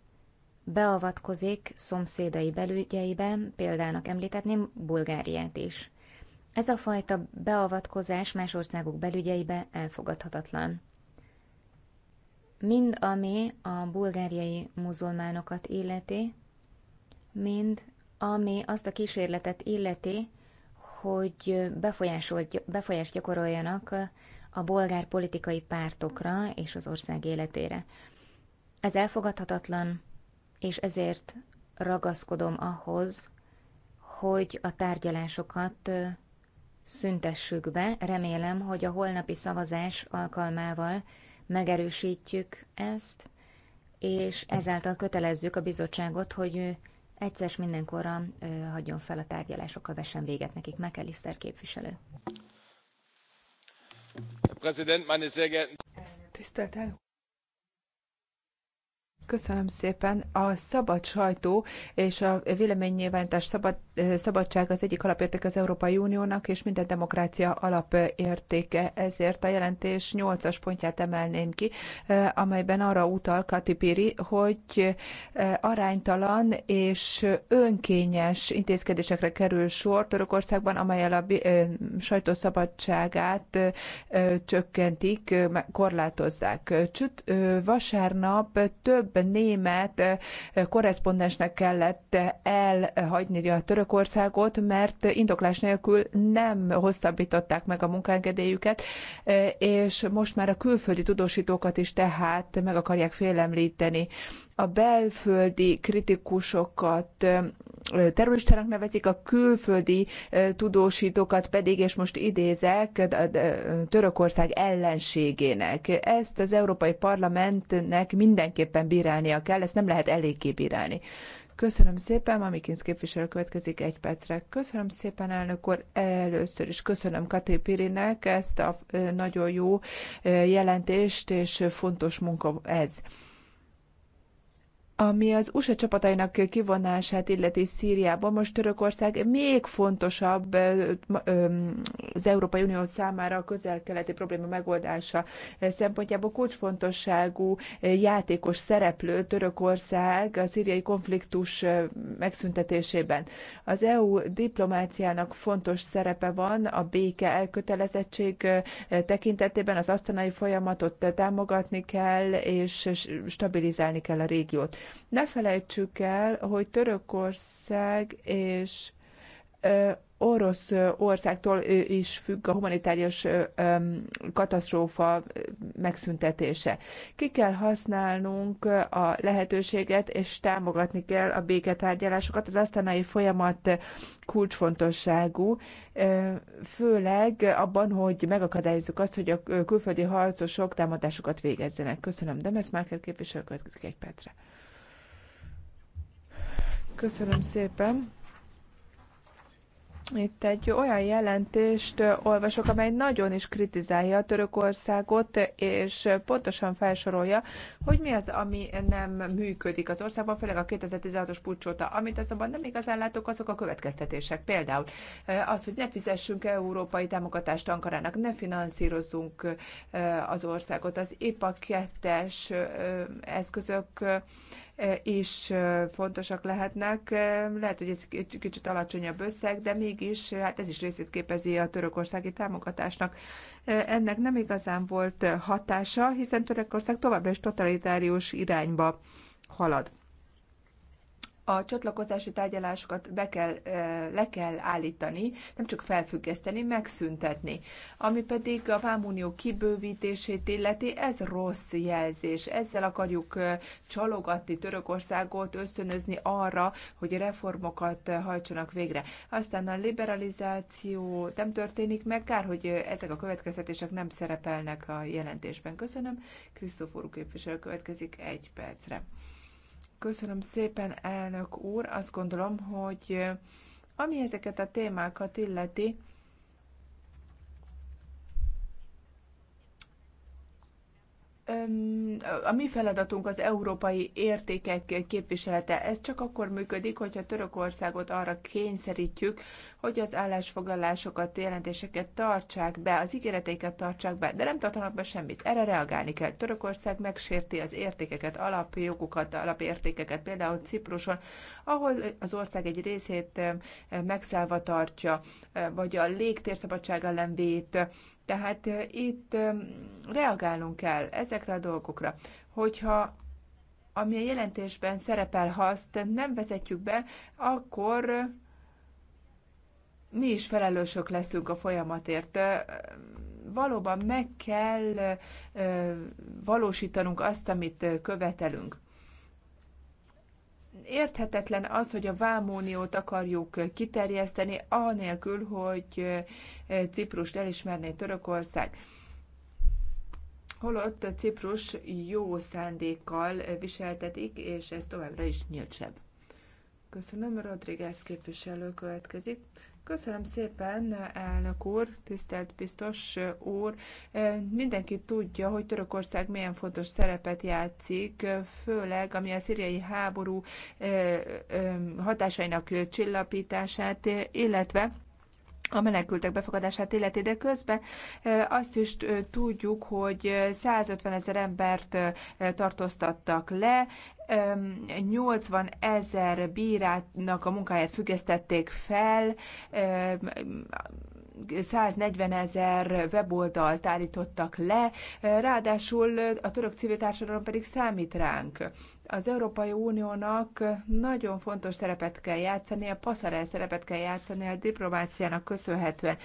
beavatkozik szomszédai belügyeiben, példának említhetném Bulgáriát is. Ez a fajta beavatkozás más országok belügyeibe elfogadhatatlan. Mind ami a bulgáriai muzulmánokat illeti, mind ami azt a kísérletet illeti, hogy befolyásolt, befolyást gyakoroljanak a bolgár politikai pártokra és az ország életére. Ez elfogadhatatlan, és ezért ragaszkodom ahhoz, hogy a tárgyalásokat szüntessük be. Remélem, hogy a holnapi szavazás alkalmával megerősítjük ezt, és ezáltal kötelezzük a bizottságot, hogy ő egyszer mindenkorra hagyjon fel a tárgyalásokkal, vessen véget nekik. McAllister képviselő herr präsident meine sehr geehrten Köszönöm szépen. A szabad sajtó és a véleménynyilvánítás szabad, eh, szabadság az egyik alapérték az Európai Uniónak, és minden demokrácia alapértéke. Ezért a jelentés 8-as pontját emelném ki, eh, amelyben arra utal Kati Piri, hogy eh, aránytalan és önkényes intézkedésekre kerül sor Törökországban, amelyel a sajtószabadságát csökkentik, korlátozzák. Csüt, vasárnap több német eh, korrespondensnek kellett elhagyni a Törökországot, mert indoklás nélkül nem hosszabbították meg a munkaengedélyüket, eh, és most már a külföldi tudósítókat is tehát meg akarják félemlíteni. A belföldi kritikusokat eh, terroristának nevezik, a külföldi tudósítókat pedig, és most idézek, Törökország ellenségének. Ezt az Európai Parlamentnek mindenképpen bírálnia kell, ezt nem lehet eléggé bírálni. Köszönöm szépen, Mamikins képviselő következik egy percre. Köszönöm szépen, elnök úr. Először is köszönöm Kati Pirinek ezt a nagyon jó jelentést, és fontos munka ez. Ami az USA csapatainak kivonását illeti Szíriában, most Törökország még fontosabb az Európai Unió számára a közel-keleti probléma megoldása szempontjából kulcsfontosságú játékos szereplő Törökország a szíriai konfliktus megszüntetésében. Az EU diplomáciának fontos szerepe van a béke elkötelezettség tekintetében, az asztanai folyamatot támogatni kell, és stabilizálni kell a régiót. Ne felejtsük el, hogy Törökország és orosz országtól is függ a humanitárius katasztrófa megszüntetése. Ki kell használnunk a lehetőséget, és támogatni kell a béketárgyalásokat. Az asztanai folyamat kulcsfontosságú, főleg abban, hogy megakadályozzuk azt, hogy a külföldi harcosok támadásokat végezzenek. Köszönöm, Demes Márker képviselő, következik egy percre. Köszönöm szépen. Itt egy olyan jelentést olvasok, amely nagyon is kritizálja a Törökországot, és pontosan felsorolja, hogy mi az, ami nem működik az országban, főleg a 2016-os pucsóta. Amit azonban nem igazán látok, azok a következtetések. Például az, hogy ne fizessünk európai támogatást Ankarának, ne finanszírozzunk az országot. Az IPA 2-es eszközök is fontosak lehetnek. Lehet, hogy ez egy kicsit alacsonyabb összeg, de mégis hát ez is részét képezi a törökországi támogatásnak. Ennek nem igazán volt hatása, hiszen Törökország továbbra is totalitárius irányba halad a csatlakozási tárgyalásokat be kell, le kell állítani, nem csak felfüggeszteni, megszüntetni. Ami pedig a vámunió kibővítését illeti, ez rossz jelzés. Ezzel akarjuk csalogatni Törökországot, ösztönözni arra, hogy reformokat hajtsanak végre. Aztán a liberalizáció nem történik meg, kár, hogy ezek a következtetések nem szerepelnek a jelentésben. Köszönöm. Krisztoforú képviselő következik egy percre. Köszönöm szépen, elnök úr. Azt gondolom, hogy eh, ami ezeket a témákat illeti, a mi feladatunk az európai értékek képviselete. Ez csak akkor működik, hogyha Törökországot arra kényszerítjük, hogy az állásfoglalásokat, jelentéseket tartsák be, az ígéreteiket tartsák be, de nem tartanak be semmit. Erre reagálni kell. Törökország megsérti az értékeket, alapjogokat, alapértékeket, például Cipruson, ahol az ország egy részét megszállva tartja, vagy a légtérszabadság ellen vét, tehát itt reagálnunk kell ezekre a dolgokra. Hogyha ami a jelentésben szerepel, ha azt nem vezetjük be, akkor mi is felelősök leszünk a folyamatért. Valóban meg kell valósítanunk azt, amit követelünk. Érthetetlen az, hogy a vámóniót akarjuk kiterjeszteni, anélkül, hogy eh, Ciprust elismerné Törökország. Holott Ciprus jó szándékkal viseltetik, és ez továbbra is nyíltsebb. Köszönöm, Rodriguez képviselő következik. Köszönöm szépen, elnök úr, tisztelt biztos úr. Mindenki tudja, hogy Törökország milyen fontos szerepet játszik, főleg ami a szíriai háború hatásainak csillapítását, illetve a menekültek befogadását illeti, de közben azt is tudjuk, hogy 150 ezer embert tartóztattak le, 80 ezer bírátnak a munkáját függesztették fel, 140 ezer weboldalt állítottak le, ráadásul a török civil társadalom pedig számít ránk az Európai Uniónak nagyon fontos szerepet kell játszania, a passzarel szerepet kell játszania, a diplomáciának köszönhetően.